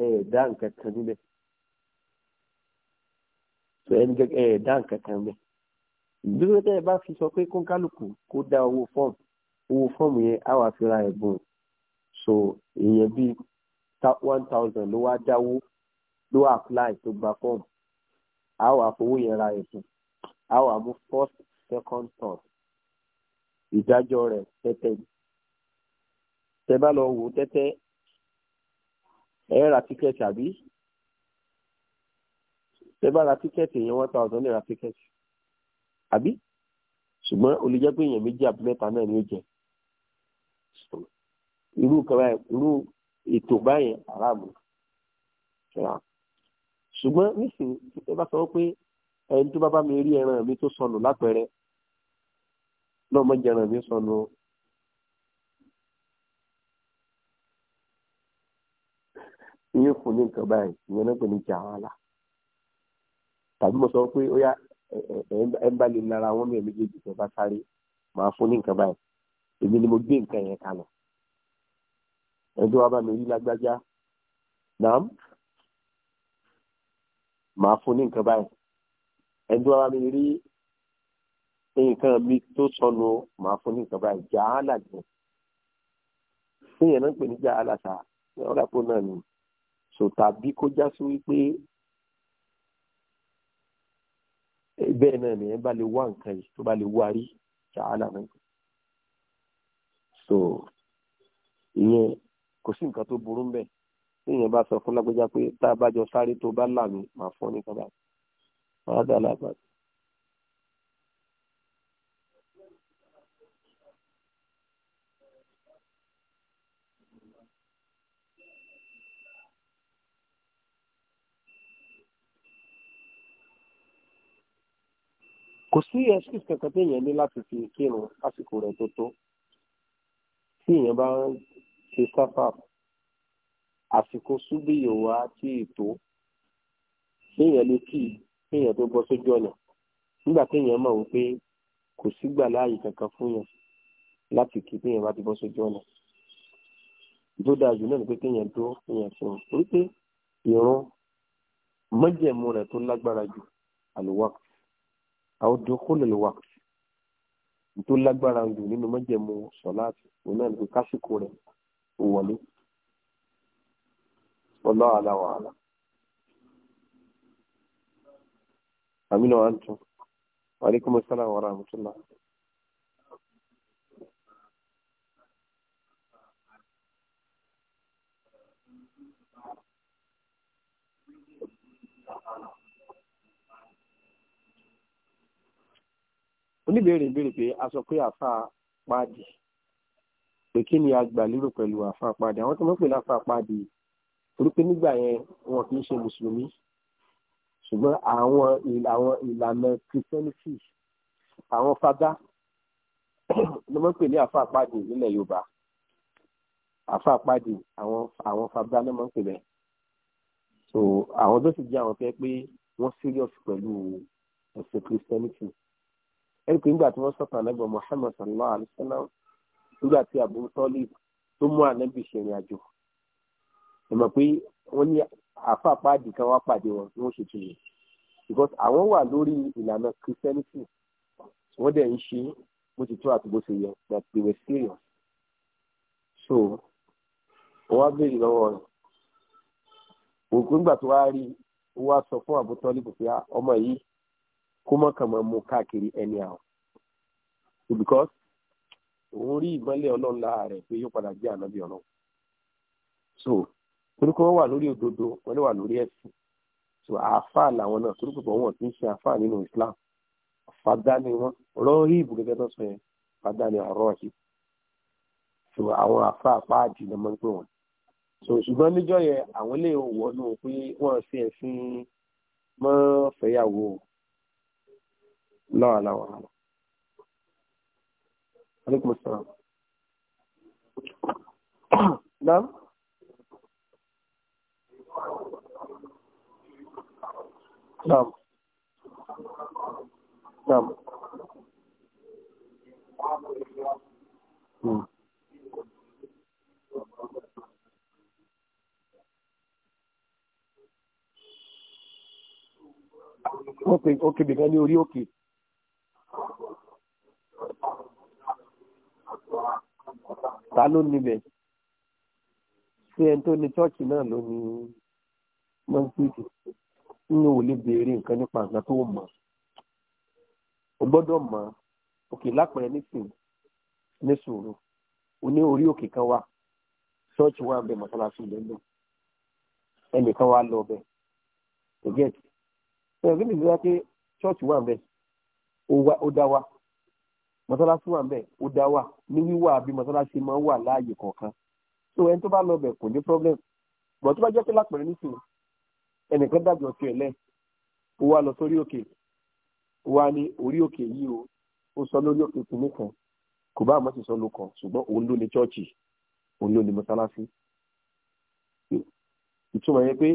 ẹ̀ẹ́dá nǹkan kan nílẹ̀ sọ ẹni gẹ́gẹ́ ẹ̀ dá nǹkan kan bẹ́ẹ̀ ìdúró tẹ́ ẹ bá fi sọ pé kóńkálùkù kó dá owó fọ́ọ̀mù owó fọ́ọ̀mù yẹn á wà fi ra ẹ̀bùn so èèyàn bíi one thousand ló wá dáwó ló apply tó gba fọ́ọ̀mù á wà fowó yẹn ra ẹ̀bùn á wà mú first second third ìdájọ́ rẹ̀ tẹ́tẹ́ tẹ́ bá lọ wò tẹ́tẹ́ ẹ ra tíkẹ́ẹ̀tì àbí tẹ bá ra tíkẹ́ẹ̀tì yẹn one thousand lè ra tíkẹ́ẹ̀tì àbí ṣùgbọ́n o lè jẹ́ pé èèyàn méjì àbí mẹ́ta náà ni ó jẹ irú kaba irú ètò báyẹn aráàmù ṣùgbọ́n nísìnyí ẹ bá sọ pé ẹni tó bá bá mi rí ẹran mi tó sọnù lápẹẹrẹ náà mọ jẹran mi sọnù ìyẹn fún ní nǹkan báyìí ìyẹn náà pè ní jàhálà tàbí mo sọ pé ó yá ẹ ń bá lè lára wọn ní ẹ̀mẹ́jèèjì tó bá sáré máa fún ní nǹkan báyìí èmi ni mo gbé nǹkan yẹn kalẹ̀ ẹni tó wá bá mi rí lágbájá nàám máa fún ní nǹkan báyìí ẹni tó bá mi rí nǹkan mi tó sọnù máa fún ní nǹkan báyìí jà á làjẹ fún yẹn náà ń pè ní jà á làṣà ọ̀làpọ̀ náà ni sọ tàbí kó já sí wípé bẹ́ẹ̀ náà nìyẹn bá lè wá nǹkan yìí tó bá lè wá rí ṣàhálà so ìyẹn kò sí nǹkan tó burú mbẹ téèyàn bá sọ fún lágbèjà pé tá a bá jọ sáré tó bá là mí màá fún ní kábàá màá dá lábàá kò sí excuse kankan téèyàn ní láti fi kírun lásìkò rẹ̀ tó tó tí èèyàn bá ń ṣe sáfà àsìkò súbìyò wá tí ètò téèyàn lè kí téèyàn tó bọ́ sójú ọ̀nà nígbà téèyàn mọ̀ wípé kò sígbà láàyè kankan fún yàn láti kí téèyàn bá ti bọ́ sójú ọ̀nà tó dáa jù náà ni pé kéèyàn dúró kéèyàn fi hàn torí pé mọ́jẹ̀mú rẹ̀ tó lágbára jù àlùwàkù àwọn dókòlè lè wà tó lágbára jù nínú mọ́jẹ̀mú sọ̀láàtì òun náà ní kásìkò rẹ̀ ò wọlé ọlọ́ àlàwọ̀ àlà àmì náà wà ń tún wàlẹ́kùn mọ́sálà wàrà àmútúlá. oníbèrè béèrè pé a sọ pé àfa paadi pé kí ni a gbà lérò pẹ̀lú àfa paadi àwọn tó mọ̀ pé láfa paadi torí pé nígbà yẹn wọn kì í ṣe mùsùlùmí ṣùgbọ́n àwọn àwọn ìlànà christianity àwọn fada (clears throat) ló mọ̀ pé ní àfa paadi nílẹ̀ yorùbá àfa paadi àwọn àwọn fada ló mọ̀ pé bẹ́ẹ̀ so àwọn tó sì jẹ́ àwọn fẹ́ pé wọ́n serious pẹ̀lú ẹ̀sìn christianity ẹnìkan nígbà tí wọ́n sọ̀tàn lẹ́gbọ̀n Muhammad sallallahu alayhi wa sallam nígbà tí Abu Talib tó mú ànábì ṣèrìn àjò ẹ mọ̀ pé wọ́n ní àfààpá àdìkan wá pàdé wọn ni wọ́n ṣe tìyẹ because àwọn wà lórí ìlànà Christianity wọ́n dẹ̀ ń ṣe bó ti tó àti ṣe yẹ that they were serious so wọ́n wá béèrè lọ́wọ́ rẹ̀ òkú nígbà tó wá rí wọ́n wá sọ fún Abu pé ah, ọmọ yìí Kuma kama kàn máa mú káàkiri ẹni because òun rí ìmọ́lẹ̀ ọlọ́run lára rẹ̀ pé yóò padà jẹ́ ànábì ọlọ́run so torí pé wọ́n wà lórí òdodo wọ́n lè wà lórí ẹ̀sìn so àáfàá làwọn náà torí pé wọ́n ti ń ṣe àáfàá nínú Islam fàdá ni wọ́n rọ́ọ̀rì ìbò gẹ́gẹ́ tó sọ yẹn fàdá ni àrọ́ so àwọn àáfàá páàdì ni wọ́n pè wọ́n so ṣùgbọ́n níjọ́ yẹn àwọn lè wọ́nú pé wọ́n ṣe ẹ̀sìn mọ́ fẹ́yàwó لا لا والله عليكم السلام نعم نعم نعم مم. Okay, okay, because you're okay. ta ló níbẹ̀ ṣé ẹni tó ní chọ́ọ̀chì náà ló ní mọ́sídìí nínú ò lè béèrè nǹkan nípa nǹkan tó mọ̀ o gbọ́dọ̀ mọ̀ òkè lápẹ̀rẹ̀ nísìnyí ní sùúrù o ní orí òkè kan wà ṣọ́ọ̀chì wà ń bẹ mọ́sálásí ilẹ̀ náà wà lọ ẹ̀gẹ́tì ó dá wa mọ́sálásí wà ńbẹ̀ ó dá wa ní wíwà bí mọ́sálásí máa ń wà láàyè kọ̀ọ̀kan so ẹni tó bá lọ bẹ̀ kò ní problem bọ̀ tó bá jẹ́ pé lápẹ̀rẹ̀ nísìnyí ẹnìkan dàgbọ̀ tiẹ̀ lẹ̀ ó wá lọ sórí òkè ó wá ní orí òkè yìí o ó sọ lórí òkè kìíní kan kò bá àmọ́ sì sọ ló ṣùgbọ́n òun ló ní chọ́ọ̀chì òun ló ní mọ́sálásí ìtumọ̀ yẹn pé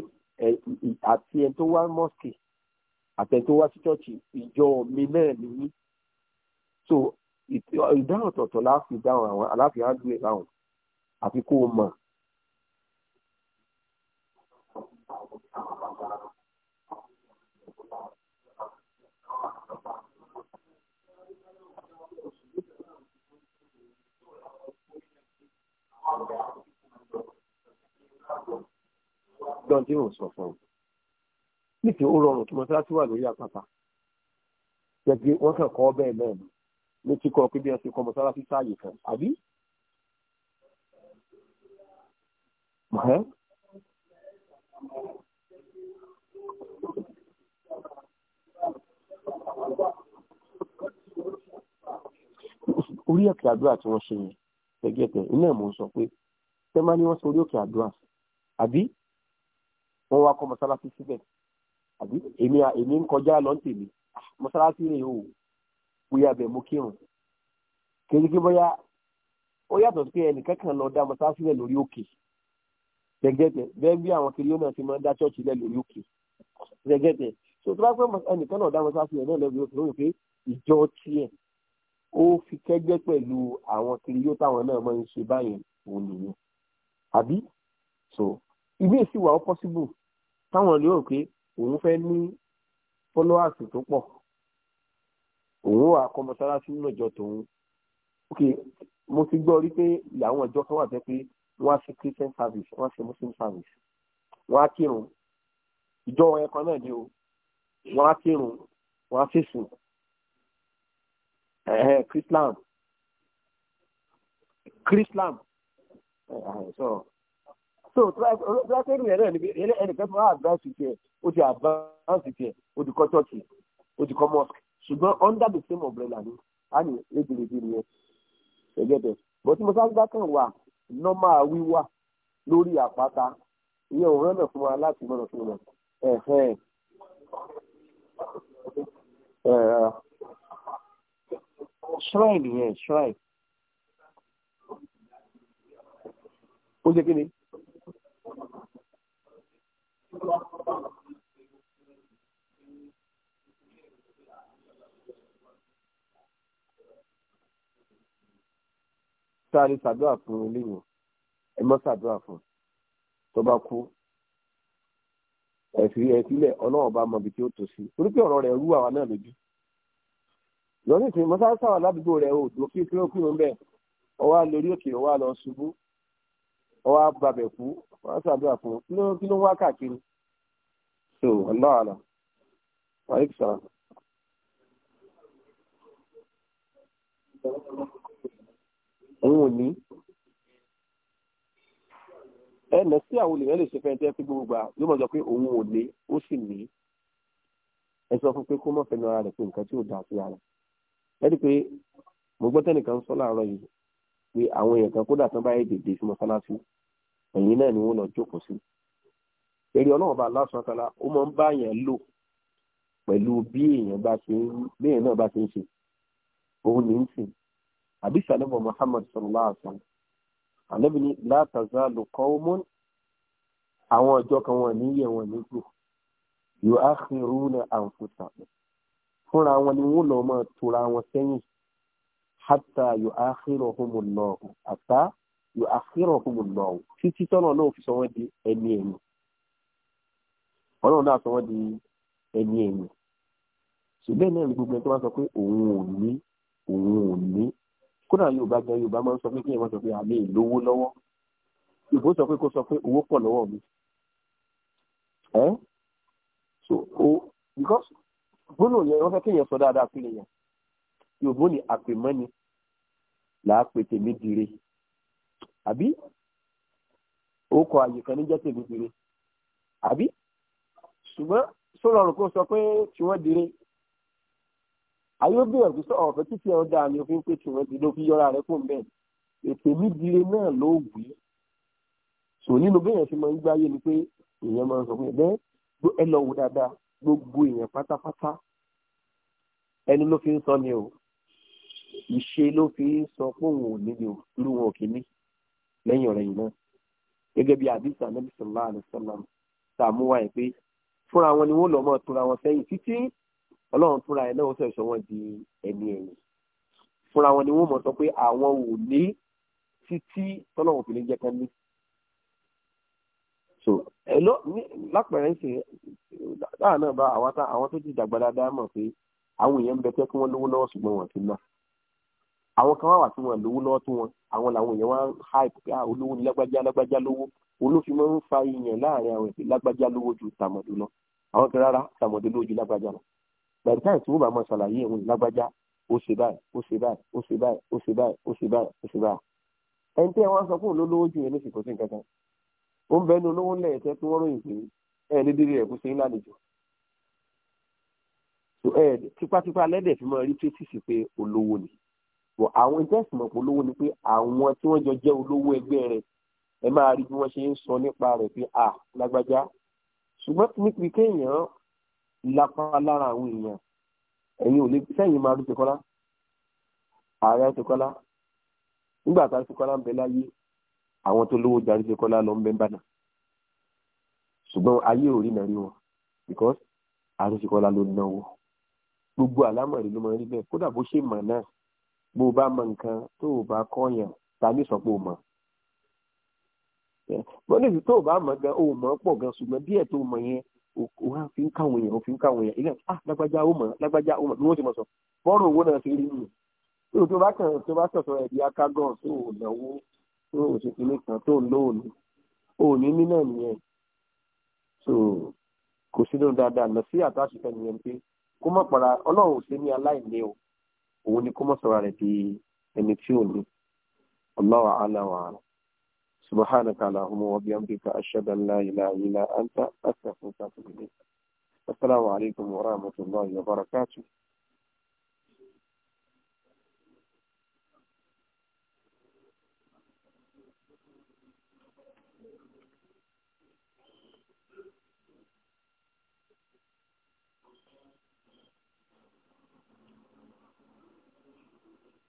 àti ẹni tó wá mọ́sìkì àtẹ̀tọ́ wá sí chọ́ọ̀chì ìjọ mi náà nìyí so ìdáhùn ọ̀tọ̀ọ̀tọ̀ láàfin dáhùn àwọn aláàfin á gbé láwọn àfi kó o mọ̀. Don't even suffer níṣẹ́ ó rọrùn tó mọ́ṣáláṣí wà lórí àpáta jẹ́gẹ́ wọ́n kàn kọ́ bẹ́ẹ̀ náà ni ní kíkọ́ pé bí wọ́n ṣe kọ́ mọ́ṣáláṣí sáàyè kan àbí. orí òkè àdúrà tí wọ́n ṣe yẹn gẹ́gẹ́tẹ̀ iná mò ń sọ pé tẹ́mání wọ́n ṣe orí òkè àdúrà àbí wọ́n wá kọ́ mọ́ṣáláṣí síbẹ̀ àbí èmi èmi ń kọjá lọ ń tèmi ah, mọ́sálásí rè o bóyá bẹ̀ mo kírun kékeré bóyá ó yàtọ̀ sí pé ẹnìkan kan lọ dá mọ́sálásí rẹ̀ lórí òkè gẹ́gẹ́tẹ̀ bẹ́ẹ̀ bí àwọn kiri náà ti máa ń dá ṣọ́ọ̀ṣì lẹ̀ lórí òkè gẹ́gẹ́tẹ̀ so tó bá pẹ́ ẹnìkan náà dá mọ́sálásí rẹ̀ náà lórí lórí òkè ìjọ tiẹ̀ ó fi kẹ́gbẹ́ pẹ̀lú àwọn kiri yóò táwọn náà máa ń ṣe báyẹn òun nìyẹn so ìbéèsì wà ó pọ́síbù táwọn lè òun fẹ́ ní followers tó pọ̀ òun wà kọ́ mọ́sálásí nínú ìjọ tòun ok mo ti gbọ́ rí pé àwọn ìjọ kan wà tẹ́ pé wọ́n á ṣe christian service wọ́n á ṣe muslim service wọ́n á kírun ìjọ ẹ̀kan náà ni o wọ́n á kírun wọ́n á fèsùn chrislam chrislam sọ̀rọ̀ so tíwáṣẹ́ ènìyàn náà níbi ẹnìkan fún advice tiẹ̀ o ti advance tiẹ̀ ó ti kọ́ church ó ti kọ́ mosque ṣùgbọ́n under the same umbrella ni a ní ejìlejì nìyẹn ẹ̀gẹ́dẹ̀ bó tí mo sáré bá kàn wà nọ́mà wíwà lórí àpáta ìyẹn ò rẹ́nà fún wa láti mọ̀nà fún wa ẹ̀hẹ́n shrine yẹn shrine ó ṣe kí ni sáré ṣàdúrà fún eléyìí ẹ mọ ṣàdúrà fún tó bá kú ẹfì ẹfìlẹ Ọlọ́run bá mọ ibi tí ó tó sí torí pé ọ̀rọ̀ rẹ̀ rú àwa náà lójú lọ́nà ìsìn mọ́sáàsì àwọn aládùúgbò rẹ̀ ò dúró kí kí ó kúrò ń bẹ̀ ọwọ́ lórí òkè ọwọ́ lọ ṣubú ọwọ́ babẹ̀ kú wọ́n ṣàdúrà fún un kí ló ń wá káàkiri so ọlọ́ọ̀lọ́ wàá yìí sọ̀rọ̀. òun ò ní ẹnà sí àwọn olùyẹn lè ṣe fẹ́ntẹ́ pé gbogbo gbà yóò mọ̀ jọ pé òun ò ní ó sì ní ẹ sọ fún pé kó mọ̀ fẹ́nu ara rẹ̀ pé nǹkan tí ò dáa sí ara ẹ rí i pé mo gbọ́ tẹ́nìkan sọ láàárọ̀ yìí pé àwọn èèyàn kan kódà tán báyìí dèdè sí mọ́sálásí ẹ̀yìn náà ni wọ́n lọ jókòó sí. eré ọlọ́run bá lásán tala ó máa ń bá èèyàn lò pẹ̀lú bí èèyàn bá ṣe ń bí èèyàn náà bá ṣe ń ṣe òun ní ń sìn àbí sàlẹ́bọ̀ Muhammad sallallahu alaihi wasallam ànábì ní la tazalu qawmun àwọn ọjọ́ kan wọn ní yẹ wọn ní gbò yu'akhiruna anfusahum fúnra wọn ni wọ́n lọ́ọ́ máa tora wọn sẹ́yìn hàtà yóò àkírọ̀ homo náà àtà yóò àkírọ̀ homo náà títí tọ́nà náà fi sọ wọ́n di ẹni ẹni ọlọ́run náà sọ wọ́n di ẹni ẹni ṣùgbọ́n náà ní gbogbo ẹni tó wá sọ pé òun ò ní òun ò ní kódà yorùbá gan yorùbá máa ń sọ pé kí ẹ máa sọ pé àmì ìlówó lọ́wọ́ ìbò sọ pé kó sọ pé owó pọ̀ lọ́wọ́ mi ẹ́ so o because gbólóhùn yẹn wọ́n kéèyàn sọ dáadáa sí lè yorùbá ní àpèmọ́ni làá pe tèmi dire àbí orúkọ àyè kan ní jẹ́ tèmi dire àbí ṣùgbọ́n sọ̀rọ̀ ọ̀rùn kó sọ pé tí wọ́n dire ayé bẹ̀rẹ̀ sọ ọ̀fẹ́ títí ẹ̀ dáa ni òfin pé tí wọ́n ti ló fi yọra rẹ̀ fún bẹ́ẹ̀ ètè mi dire náà ló wù í sò nínú bẹ́ẹ̀ fi máa ń gbáyé ni pé èèyàn máa ń sọ fún bẹ́ẹ̀ ẹ lọ wò dáadáa gbogbo èèyàn pátápátá ẹni ló fi ń sọ ni o ìṣe ló fi ń sọ pé òun ò níbi irú wọn ò kí ní lẹ́yìn ọ̀rẹ́ yìí náà gẹ́gẹ́ bí àdìsá nàbì sọ̀lá àlùsọ̀lá sàmúwá ẹ̀ pé fúnra wọn ni wọ́n lọ́ọ́ mọ́ tura wọn sẹ́yìn títí ọlọ́run fúnra ẹ̀ náà ó sẹ̀sọ́ wọn di ẹni ẹ̀yìn fúnra wọn ni wọ́n mọ̀ sọ pé àwọn ò ní títí tọ́lọ́run fi lè jẹ́ kán ní. so ẹ̀lọ́ lápẹ̀rẹ̀ ń ṣe láàánú bá àwọn tó ti dàgbà dáadáa mọ̀ pé àwọn èèyàn ń bẹ tẹ́ kí wọ́n lówó lọ́wọ́ ṣùgbọ́n wọn ti náà àwọn kan wà tí wọn lówó lọ́wọ́ tó wọn àwọn làwọn èèyàn wọn hype pé ah, olówó ni lágbájá lágbájá lówó olófin máa ń fa iyàn láàrin àwọn èèyàn lágbájá lówó ju tàmọ̀dé lọ àwọn kan rárá tàmọ̀dé lówó ju lágbájá lọ bẹ̀rẹ̀ táyì tí wọ́n bá máa ṣàlàyé ìwọ̀n lágbájá ó ṣe báyìí ó ṣe báyìí ó ṣe báyìí ó ṣe báyìí ó ṣe báyìí ó ṣe báyìí ẹni tí wọ́n sọ fún olówó ju yẹn lóṣù kò sí nǹkan kan ó ń bẹnu olówó ńlẹ̀ ẹ̀tẹ́ tí wọ́n ròyìn pé ẹ̀ ní dídí rẹ̀ kó ṣe ńlá lejò tipátipá lẹ́dẹ̀ fi máa rí títí sí pé olówó ni bọ̀ àwọn ìjẹ́sìmọ̀ polówó ni pé àwọn tí wọ́n jọ jẹ́ olówó ẹgbẹ́ rẹ̀ ẹ máa rí bí wọ́n ṣe ń sọ nípa rẹ̀ pé à lágbájá ṣùgbọ́n nípa kéèyàn lápá lára àwọn èèyàn ẹ̀yin ò lè sẹ́yìn máa rí Ṣókólá ààrẹ Ṣókólá nígbà tá a Ṣókólá ń bẹ láyé àwọn tó lówó darí Ṣókólá lọ ń bẹ ń bàdàn ṣùgbọ́n ayé ò rí nàrí wọn because ààrẹ Ṣókólá ló náwó gbogbo àlámọ̀rí ló máa ń rí bẹ́ẹ̀ kódà bó ṣe mọ̀ náà bó o bá mọ nǹkan tó o bá kọ́yàn tàbí sọ pé o tó o bá mọ̀ gan o mọ̀ pọ̀ gan ṣùgbọ́n díẹ̀ tó o mọ̀ yẹn o wá fi ń káwọn èèyàn o fi ń káwọn èèyàn ilé ah lágbájá o mọ̀ lágbájá o mọ̀ bí wọ́n ti mọ̀ sọ bọ́ọ̀rù owó náà rí nù tó bá kàn tó bá ẹ̀dí tó o náwó tó o kan tó o nìyẹn so kò dáadáa lọ sí nìyẹn pé òun ni kó mọ̀ sọ̀rọ̀ rẹ̀ di ẹni tí ò ní Allahu a'la wa ala subhanaka allahumma wa bihamdika ashhadu an la ilaha illa anta astaghfiruka wa atubu ilayk assalamu alaikum wa rahmatullahi wa barakatuh